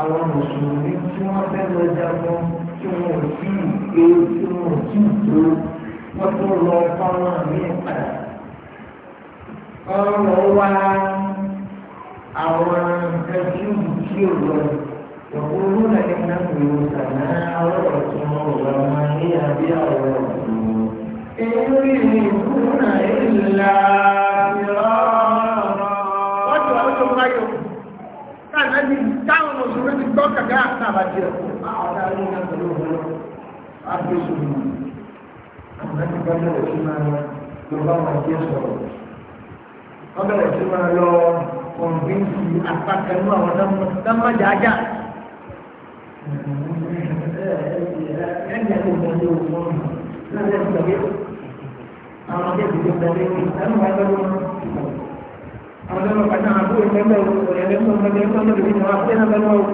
àwọn mùsùlùmí tí wọ́n fẹ́ lọ jagun tí wọ́n ò tí ì gbé tí wọ́n ò tí ì tó wọ́n tó lọ fáwọn àmì ìpadà ọ̀rọ̀ wa àwọn ẹjú tí ò lọ òkúrú lẹ́yìn náà kò yóò sàmà ọ̀rọ̀ tó ń rọ̀ máa ní àbí ọ̀rọ̀ tó. èyí rí ìkúnà ìlà ìrọ̀. wọ́n ti wà lóṣù báyọ̀ káàná ní táwọn òṣèré ti gbọ́ kàkà àtàbàjẹ́ àwọn ọ̀dà ló ń pẹ̀lú òun àbí àwọn ẹni bá lọ́wọ́ wọ́n bẹ̀rẹ̀ sí máa lọ kọ̀ǹfíǹsì apákanú àwọn dámájájá. ẹnì ẹ̀kọ́ mọ̀ ní òun mọ̀ láti ẹ̀kọ́ tàbí àwọn akẹ́kọ̀ọ́ tó tẹ̀lé ní ẹnu wa ẹgbẹ́ wọn. àwọn ọmọ pàtó àwọn àbúrò ẹgbẹ́ wọn ọ̀rẹ́ ẹgbẹ́ wọn ọ̀rẹ́ ẹgbẹ́ wọn ọ̀rẹ́ ẹgbẹ́ wọn ọ̀rẹ́ ẹgbẹ́ wọn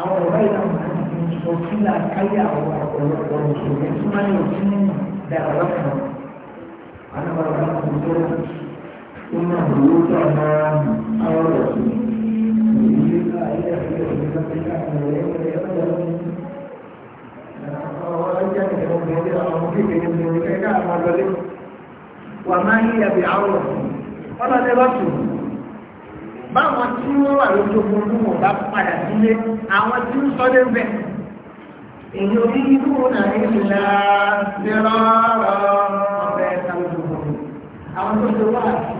àwọn ọ̀rẹ́ ìlànà òkìlà káyé àwọn ọ̀pọ̀lọpọ̀ òṣèlú tí wọ́n ní òkìlà dàgbà lọ́kàn. àwọn ọ̀rẹ́ ìlànà òṣèlú wà máa ń yẹ̀bì àwọn ọlọ́dẹ lọ́tù báwọn tí wọ́n wà lójú ogun wọn bá padà sílé àwọn tí ń sọ́dé bẹ̀ èyí orí ikú náà ní ìlà lérọ́rọ́ ọ̀bẹ̀ ẹ̀ta lójú ogun àwọn tó ṣe wà sí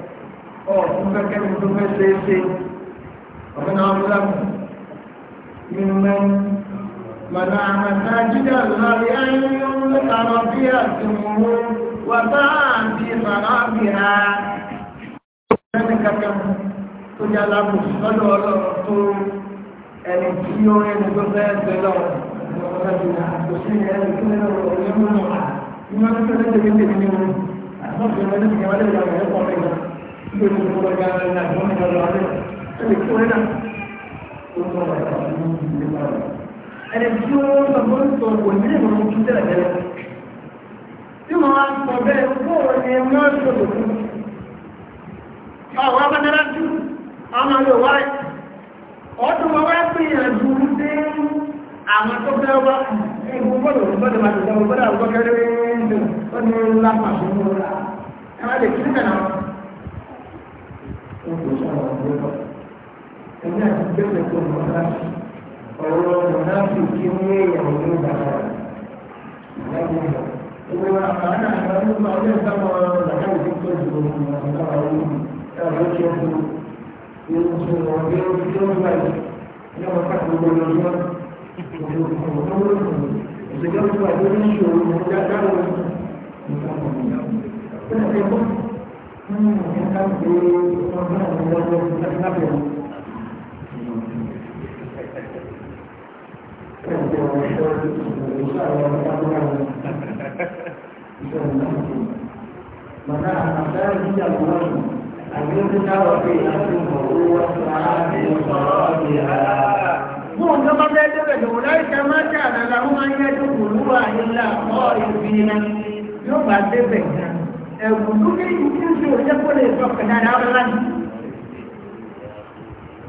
ọ̀fún fẹ́kẹ́ mi tó fẹ́ ṣe é ṣe ọ̀fún náà wọ́n lábù nínú mẹ́rin màdà àmàtà jíjà lórí ayélujára lẹ́ka lọ bí àtìmọ́wó wà bá àǹtí màmá bì á. ẹni kankan tó tí ó ẹni tó fẹ́ bẹ lọ́wọ́ pé mo kọ́ ọjà rẹ̀ náà wọ́n ti lọ rẹ̀ ẹni kí wọ́n náà ó sọ wà lọ sí ilé wa rẹ̀. ẹni tí ó sọ bó ń sọ kò ní ìmọ̀ ohun tún tẹ̀lẹ̀ tẹ́lẹ̀. tí mo máa ń sọ bẹ́ẹ̀ bóòrò ni wọ́n ń sọ lòkù. àwọn abájára jù àwọn ọmọ yóò wáyé. ọdún wọn wá pé ìrìnàjò ń dé àwọn tó fẹ́ wá ẹgbẹ́ gbọ́dọ̀ gbọ́dọ̀ máa ti sọ gbọ́dọ̀ àwọn gbọ́dọ̀ kẹ́rẹ́ ń dùn ó ní lápá ó kò sára ọ̀gbẹ́ lọ. ẹgbẹ́ àti bẹ́ẹ̀ tó lọ láti ọ̀rọ̀ ọ̀rọ̀ láti kí ní èèyàn ní ìdàgbà ìdájọ́ ìlọ. ìwé àkàrà àwọn ọmọ ọdún sáwọn ọ̀dàkà ìdí tó dùn ní ọ̀dà ọ̀rọ̀ ẹ̀rọ ṣe fún irun tó lọ bí ó fi ó gbà yìí ní ọmọ pàtó gbogbo lọ́jọ́ ìṣèjọba ìṣòro ìdájọ́ ìṣòro ìdájọ́ Maka masalah tidak bukan Agar kita wafi Aku berbuat Selamat Selamat Bukan kepada itu ẹ̀wù lókè ìdíje ṣe òjẹ́ kó lè sọ kẹ̀dá rẹ̀ àwọn láti.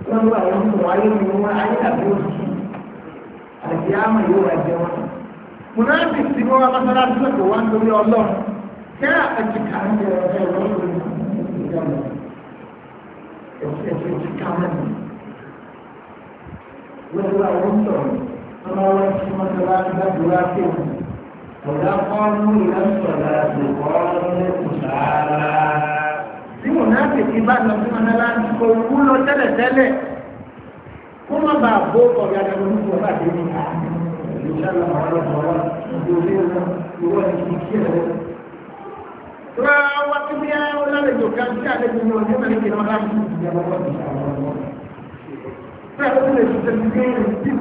wọ́n wá àwọn ọmọ ayé mi wọ́n ayé àbí oṣù àti àmà yóò wá jẹ wọn. mo náà wọ́n wá mọ́sálásí lọ́kọ̀ wá nítorí ọlọ́run ọlọ́run ẹ̀jì ká mẹ́rin. wọ́n wá àwọn ọmọ ọ̀dà kọ́ọ̀lù ìlọ́sọ̀lá ti kọ́ọ̀lù ìkùsàárà. tí mo náà tètè bá lọ sí ọ̀nàlá kò wú lọ tẹ́lẹ̀tẹ́lẹ̀ kó má bàa bó ọ̀rẹ́ àdàbọ̀ ní ìwọ̀n àti ẹni ká ìṣàlọ̀ ọ̀rọ̀ ọ̀rọ̀ ìdòwé ọ̀rọ̀ ìwọ Ra wa ti bí ayé wọn lálejò kan sí àlejò ní ọdún mẹ́rin kí wọ́n bá ń bí ìyàwó ọ̀dọ̀ ìṣàlọ̀ ọ̀rọ̀. Fẹ́ẹ̀ ó lè ṣiṣẹ́ ní gbé yóò jẹ́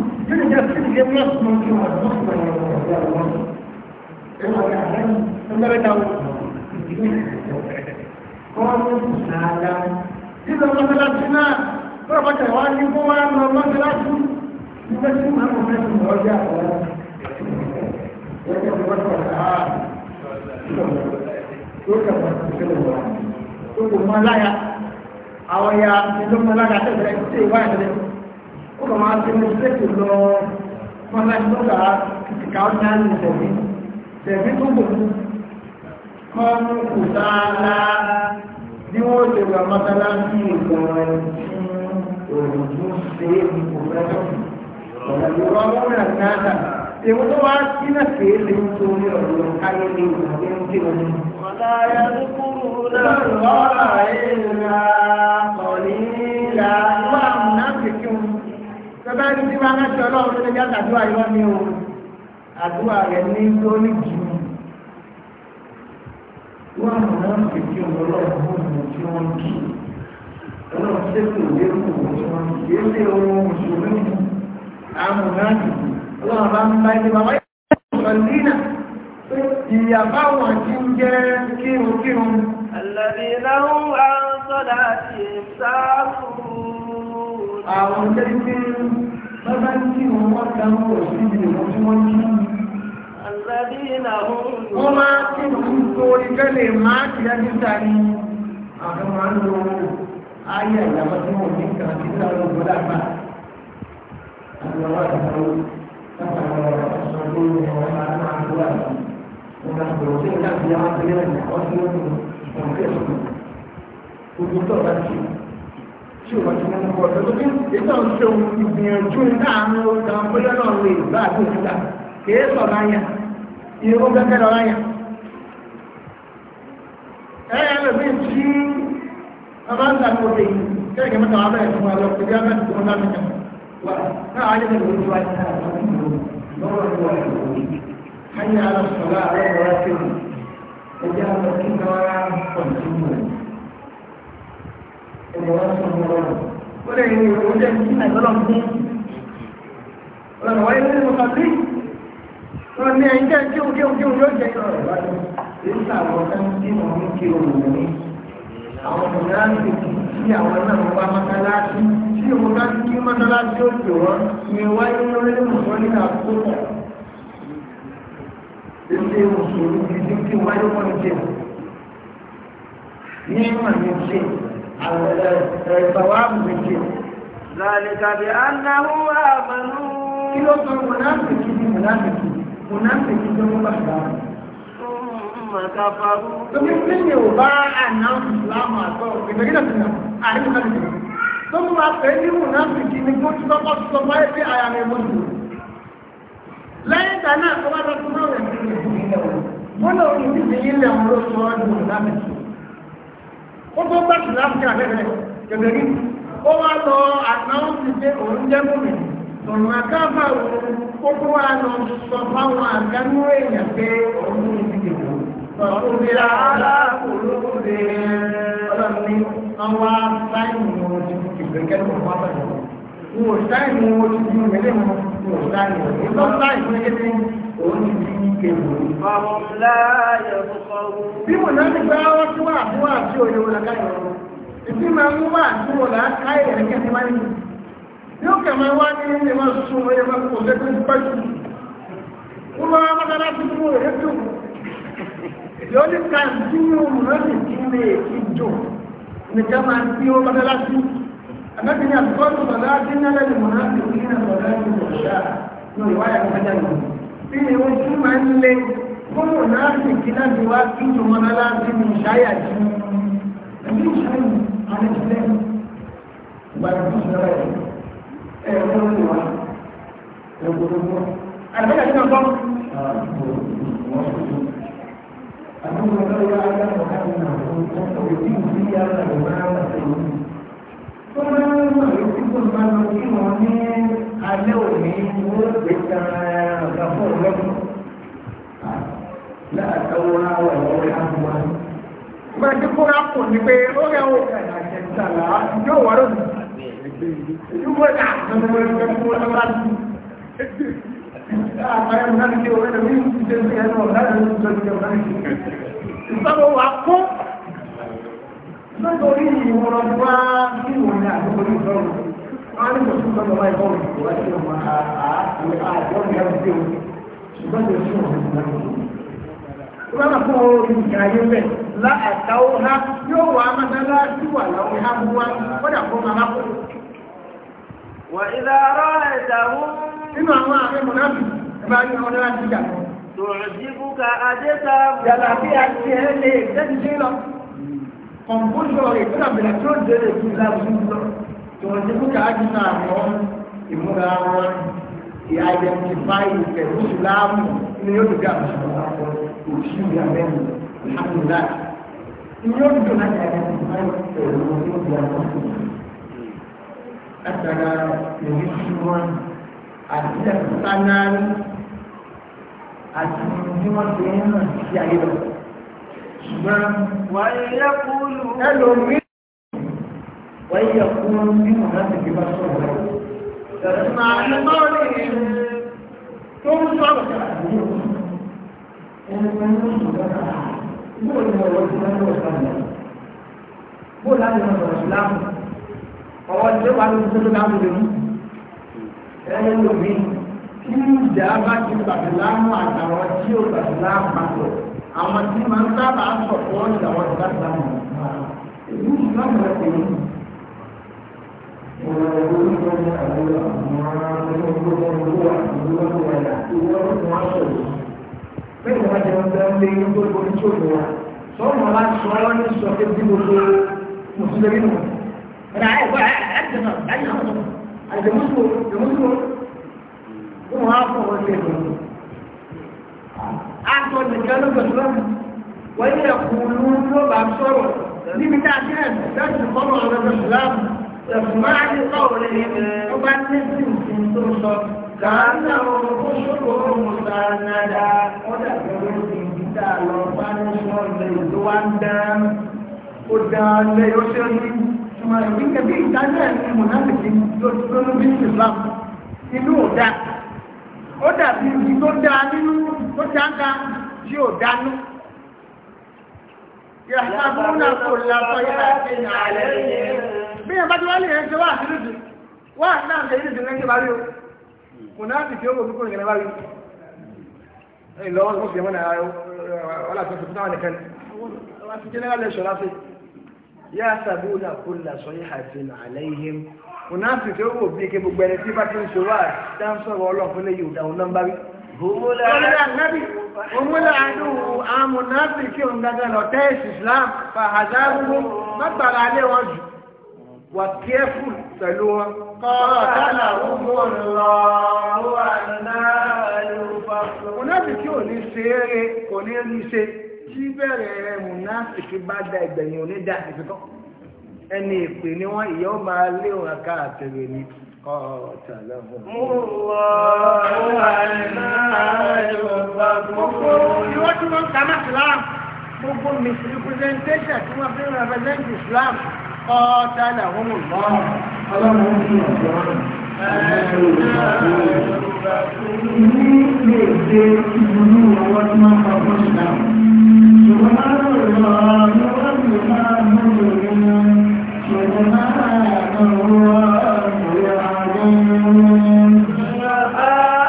sí ìgbé mọ́ọ̀sì mọ́ọ̀sì wọn àti mọ́ọ̀sì wọn ọ̀rọ̀ ọ̀rọ̀ ọ̀rọ̀. Nígbà mọ́sálásí náà, tọ́rọ bá tẹ̀wàá ní kó wá lọ mọ́sálásí, nígbà tí máa mọ̀ mẹ́rin lọ́jọ́ àwọn ẹgbẹ́ ọ̀pọ̀ àwọn ya ìlúmọ̀lága tẹ́bẹ̀rẹ̀ tí ìwá ìrẹ̀ ó kọ̀ máa tí mo sí ètò lọ mọ́sálásí lọ́gbà kìkà ọ̀nà ìrìnlẹ̀ tẹ̀bí tó kò ní kan kò sáàlá bí wọ́n ṣe wà mọ́tàlá sí ìgbọ̀nrẹ̀ tí òun tó ṣe é ní kò fẹ́tọ̀ ọ̀nà ìwà múra náà èwo tó wá sí náà kéé lè ń tó ní ọ̀rọ̀ káyé ní ìgbàgbé ń kí wọn. ọ̀láyà ló kúrò náà lọ́rọ̀ ìlà ọ̀lẹ́ ìlà wà náà kékeré. bàbá ẹni tí wọn á ṣe ọlọ́run ló lè jáde àdúrà ìwọ́n ni o àdúrà rẹ̀ ní lórí jù wọ́n náà fi kí ọlọ́run fún ọmọ tí wọ́n kí ọlọ́run ṣètò lérò ọmọ tí wọ́n kí èlé ohun mùsùlùmí àmọ̀ náà kì ọlọ́run bá ń bá ilé bàbá ìpàdínà ìyàbá wọn ti ń jẹ́ kírunkírun. Àlàbí láhùn àwọn sọ́dá ti sáà fún un. Àwọn tẹ́lifíìn bàbá tí wọ́n wá dáhùn rẹ̀ sí ibi ìwọ̀n tí wọ́n jí. wọ́n máa kí wọ́n tó ìkẹ́lẹ̀ máa kí á níta ní àwọn máa ń lo ayé àyàwó tí wọ́n ní kàn sí sáré ògbó dàgbà. àwọn ọ̀rọ̀ ìgbàlódé láti àwọn ọ̀rọ̀ ìṣòro tó ń máa ń máa lọ àyè. wọ́n máa ń lọ sí ìdájọ́ àwọn akẹ́lẹ́ ọ̀sẹ̀ ọ̀sẹ̀ ọ̀sẹ̀ ọ̀sẹ̀ ọ̀sẹ̀ ọ̀sẹ̀ ọ̀sẹ̀ ọ̀sẹ̀ tí o bá ti mú bọ̀ lọ́dún bí ètò ń ṣe ìgbìyànjú láàánú ọ̀gá bóyá náà lè bá àti òkúta kìí sọ̀rọ̀ àyà ìró gẹ́gẹ́ lọ́rọ̀ àyà. ẹ̀yà lóbi tí ọba ń tàbí òde yìí kẹ́kẹ́ mẹ́ta wà bẹ́ẹ̀ fún ó lè ní oúnjẹ tí àìsọ́lọ́ fún ọ̀nà wáyé ní ọkọ̀ sí wọ́n ní ẹ̀yìn jẹ́ kí òun kí òun kí òun yóò jẹ́ ọ̀rọ̀ wáyé èyí sàwọn ọ̀sán tí mo ní kí òun ní àwọn ọ̀nà láti tí àwọn náà wá mọ́tálásí tí òun bá kí mọ́tálásí ó pè wọ́n ní wáyé lórí mọ̀tọ́ ní àkókò ilé mùsùlùmí ti kí wáyé wọ́n jẹ́ ní ìmọ̀ ní jẹ́ الثواب بالجن ذلك بأنه آمنوا كيلو تو منافقين منافقين منافقين تو مبحثان ثم كفروا ثم يمكن يوباء أنهم إسلام أعطوا بمجرد أنهم أعلم خلقهم ثم أفعلوا منافقين يقول تبقى تصبعي في أيام المسلمين lẹ́yìn ìgbà náà tó bá tọ́ tó náà rẹ̀ sí ìlú ìlú ìlú ìlú ìlú ìlú ìlú ìlú ìlú ìlú ó tó bá ṣùgbọ́n áfíríkà lẹ́rẹ̀ gẹ̀gẹ̀ rí ó wá lọ àtàwọn pé òun jẹ́ gómìn ọ̀nà àkáfà òun ó tó wá lọ sọ fáwọn àgánú èèyàn pé òun ní ìdìbò ọ̀rọ̀ òun ra aláàkòlóòrè ọlọ́ni àwọn sáìnì wọn ti fi gbẹ̀gẹ́ lọ wá bẹ̀rẹ̀ wọn ò sáìnì wọn ti fi gbẹ̀gẹ́ lọ wọn ò sáìnì wọn Bí mo náà nígbà wọ́n tí wà fún àti òye wọn lọ́ka ìrọ̀rùn. Ìdí máa ń wà tí wọ́n là á ká ìrẹ̀ kí ẹni máa ń yìí. Yóò kẹ̀ máa wá ní ilé máa sún ẹyẹ máa kò lẹ́kọ̀ọ́ ní pẹ́jù. Wọ́n máa wá dára sí fún òye tó. Yóò ní ká sí òun náà sì kí lè kí jò. Nìkan máa tí ó bá dára sí. Àgbẹ̀kẹ̀ ni àtúkọ́ ìgbàlá dín náà lẹ́nu mọ̀ náà sì kí ní àgbàlá ìgbàlá. Yóò wáyà kọjá ìgbàlá tí ojú máa ń lé kókò náà sì kí láti wá kí ìjọba náà ti mú ìṣáyà jù ẹbí ìṣáyà àwọn ìṣẹ̀lẹ̀ ìgbàlódé ìṣẹ̀lẹ̀ ẹ ẹ ló ń wà ẹ gbogbo àgbẹ̀dẹ̀ tí wọ́n gbọ́. Àdúgbò náà yá aláwọ̀ ká ní àwọn ọkọ̀ òbí ìdílé aláwọ̀ náà wà sí i. Tó máa ń wà lókè tó máa lọ sí wọn ní Gbẹ̀dí kúrá kò ní pé ó rẹ̀ ó kẹ̀lá kẹ̀ntàlá yóò wà lónìí. Ìjúmọ̀ ìdá àtọ́mọ̀ ẹgbẹ́ fún ọlọ́rọ̀ láti. Àwọn ẹ̀rọ náà ní ọ̀rẹ́ mi ṣe sí ẹnu ọ̀dá ìlú ìjọba náà. Ìsọ́bọ̀ wà kó. Lọ́tọ̀rí ìwọ̀n ní àdúgbò ìjọba. Wọ́n á ní kò tún lọ́dọ̀ láì bọ́ọ̀lù ìwádìí ọmọ àá àá àjọ ìyá lọ́nà fún orí ìyáyé bẹ̀ láàtàwò ha yóò wà mọ́sánlá sí wà láwọn ha mú wá kọ́dà fún màmá kò. wà ìlà ara ẹ̀dà wọn. nínú àwọn àmì mọ̀nàbì ẹ̀bá ní ọdún láti jà. tòròjìbù ka sí lọ. ka adé he identified with the Muslim in your dùn àmì ṣùgbọ́n kò sí ìyá mẹ́rin alhamdulillah ní yóò dùn identify with the Islam látara èyí tí wọ́n àti ẹ̀sánárì àti bí wọ́n ti ń hàn the ayé lọ. ṣùgbọ́n wáyé yẹ́kúlù ẹlòmíràn wáyé yẹ́kúlù nínú معنى قولهم ثم صدق bó láti mọ̀ sọ̀rọ̀ ìsìláàmù ọwọ́ tí ó wà ní ìṣẹ́lú láàmù lè mú ẹ̀yẹ́ ló mi kí ìjà bá ti gbàgbé láàmù àtàwọn tí ó gbàgbé láàmù pàtó àwọn tí máa ń sábà sọ̀tọ̀ ìjàwọ̀ ìgbàgbé láàmù mẹ́rin wájú ọ̀dọ́ ń lé ní gbogbo ní tí òun wà sọ́ọ̀mù wa sọ ọ́ ní sọ pé bí gbogbo mùsùlùmí nù. ọ̀dà ẹ̀kọ́ àjẹmọ́ àjẹmọ́ àjẹmọ́sọ àjẹmọ́sọ ó wà fún ọ ṣe lọ. a sọ nìkan ló gbẹ̀sọ́ lọ́mù wọ́n yẹ kùn ló bá sọ̀rọ̀ níbi tá a ti rẹ̀ lọ́sùn kọ́mọ̀ ọ̀rọ̀ lọ́sùn láàmù. tẹ̀sùmá ní sọ̀rọ̀ rẹ̀ tó bá ní sínsìn tó sọ kàánà òun kó ṣòro òun ta nàdà ó dàbí orí ìdíjà lọ bá ní sọ̀rọ̀ tó wá ń dá ó dá lé كل صيحة عليهم bí yẹn bá ti wá lè yẹn ṣe wá àti lùdù wá náà ṣe lùdù lẹ́yìn bá rí o kò náà sì fi owó kíkó ìyẹn bá rí o ìlọ́wọ́ tó fi ẹ̀wọ́n náà wọ́n láti fi táwọn nìkan wọ́n ti jẹ́nẹ́rà lè ṣọ́ra sí yá sàbúdà kó là sọ yí àti nàlẹ́ yìí kò náà sì fi owó bí ike gbogbo ẹni tí bá ti ń ṣe wá dáńsọ̀rọ̀ ọlọ́ọ̀fẹ́lẹ́ yóò dáhùn Omúlẹ̀ àdúgbò àmúnáfíkì òǹdàgànà tẹ́ẹ̀sì Islam fàhàdà mọ́gbàrá lé wọn jù wà kíẹ́fù pẹ̀lú wọn. الله ọmọ lọ wà náà lùfà. mùnáfì kí ò ní ṣe é re kò ní rí ṣe tí bẹ̀rẹ̀ rẹ̀ mùnáfì kí bá da ìgbẹ̀yìn ò ní da ìfikọ́. ẹni ìpè ni wọ́n ìyá ó lé òun àká àtẹ̀rẹ̀ ni kọ́ọ̀tàlà ọmọ lọ wà náà lùfà. gbogbo ìwọ́n tí wọ́n ń ta máa fi lára gbogbo misrepresentation tí wọ́n fi ń represent Islam kọ́tàlà ọmọ ìgbọ́n ọlọ́run ní ọ̀gbọ́n Ní èdè ìlú ọwọ́ tí wọ́n ń pa fún ìdáhùn. Ṣùgbọ́n máa ń rọ̀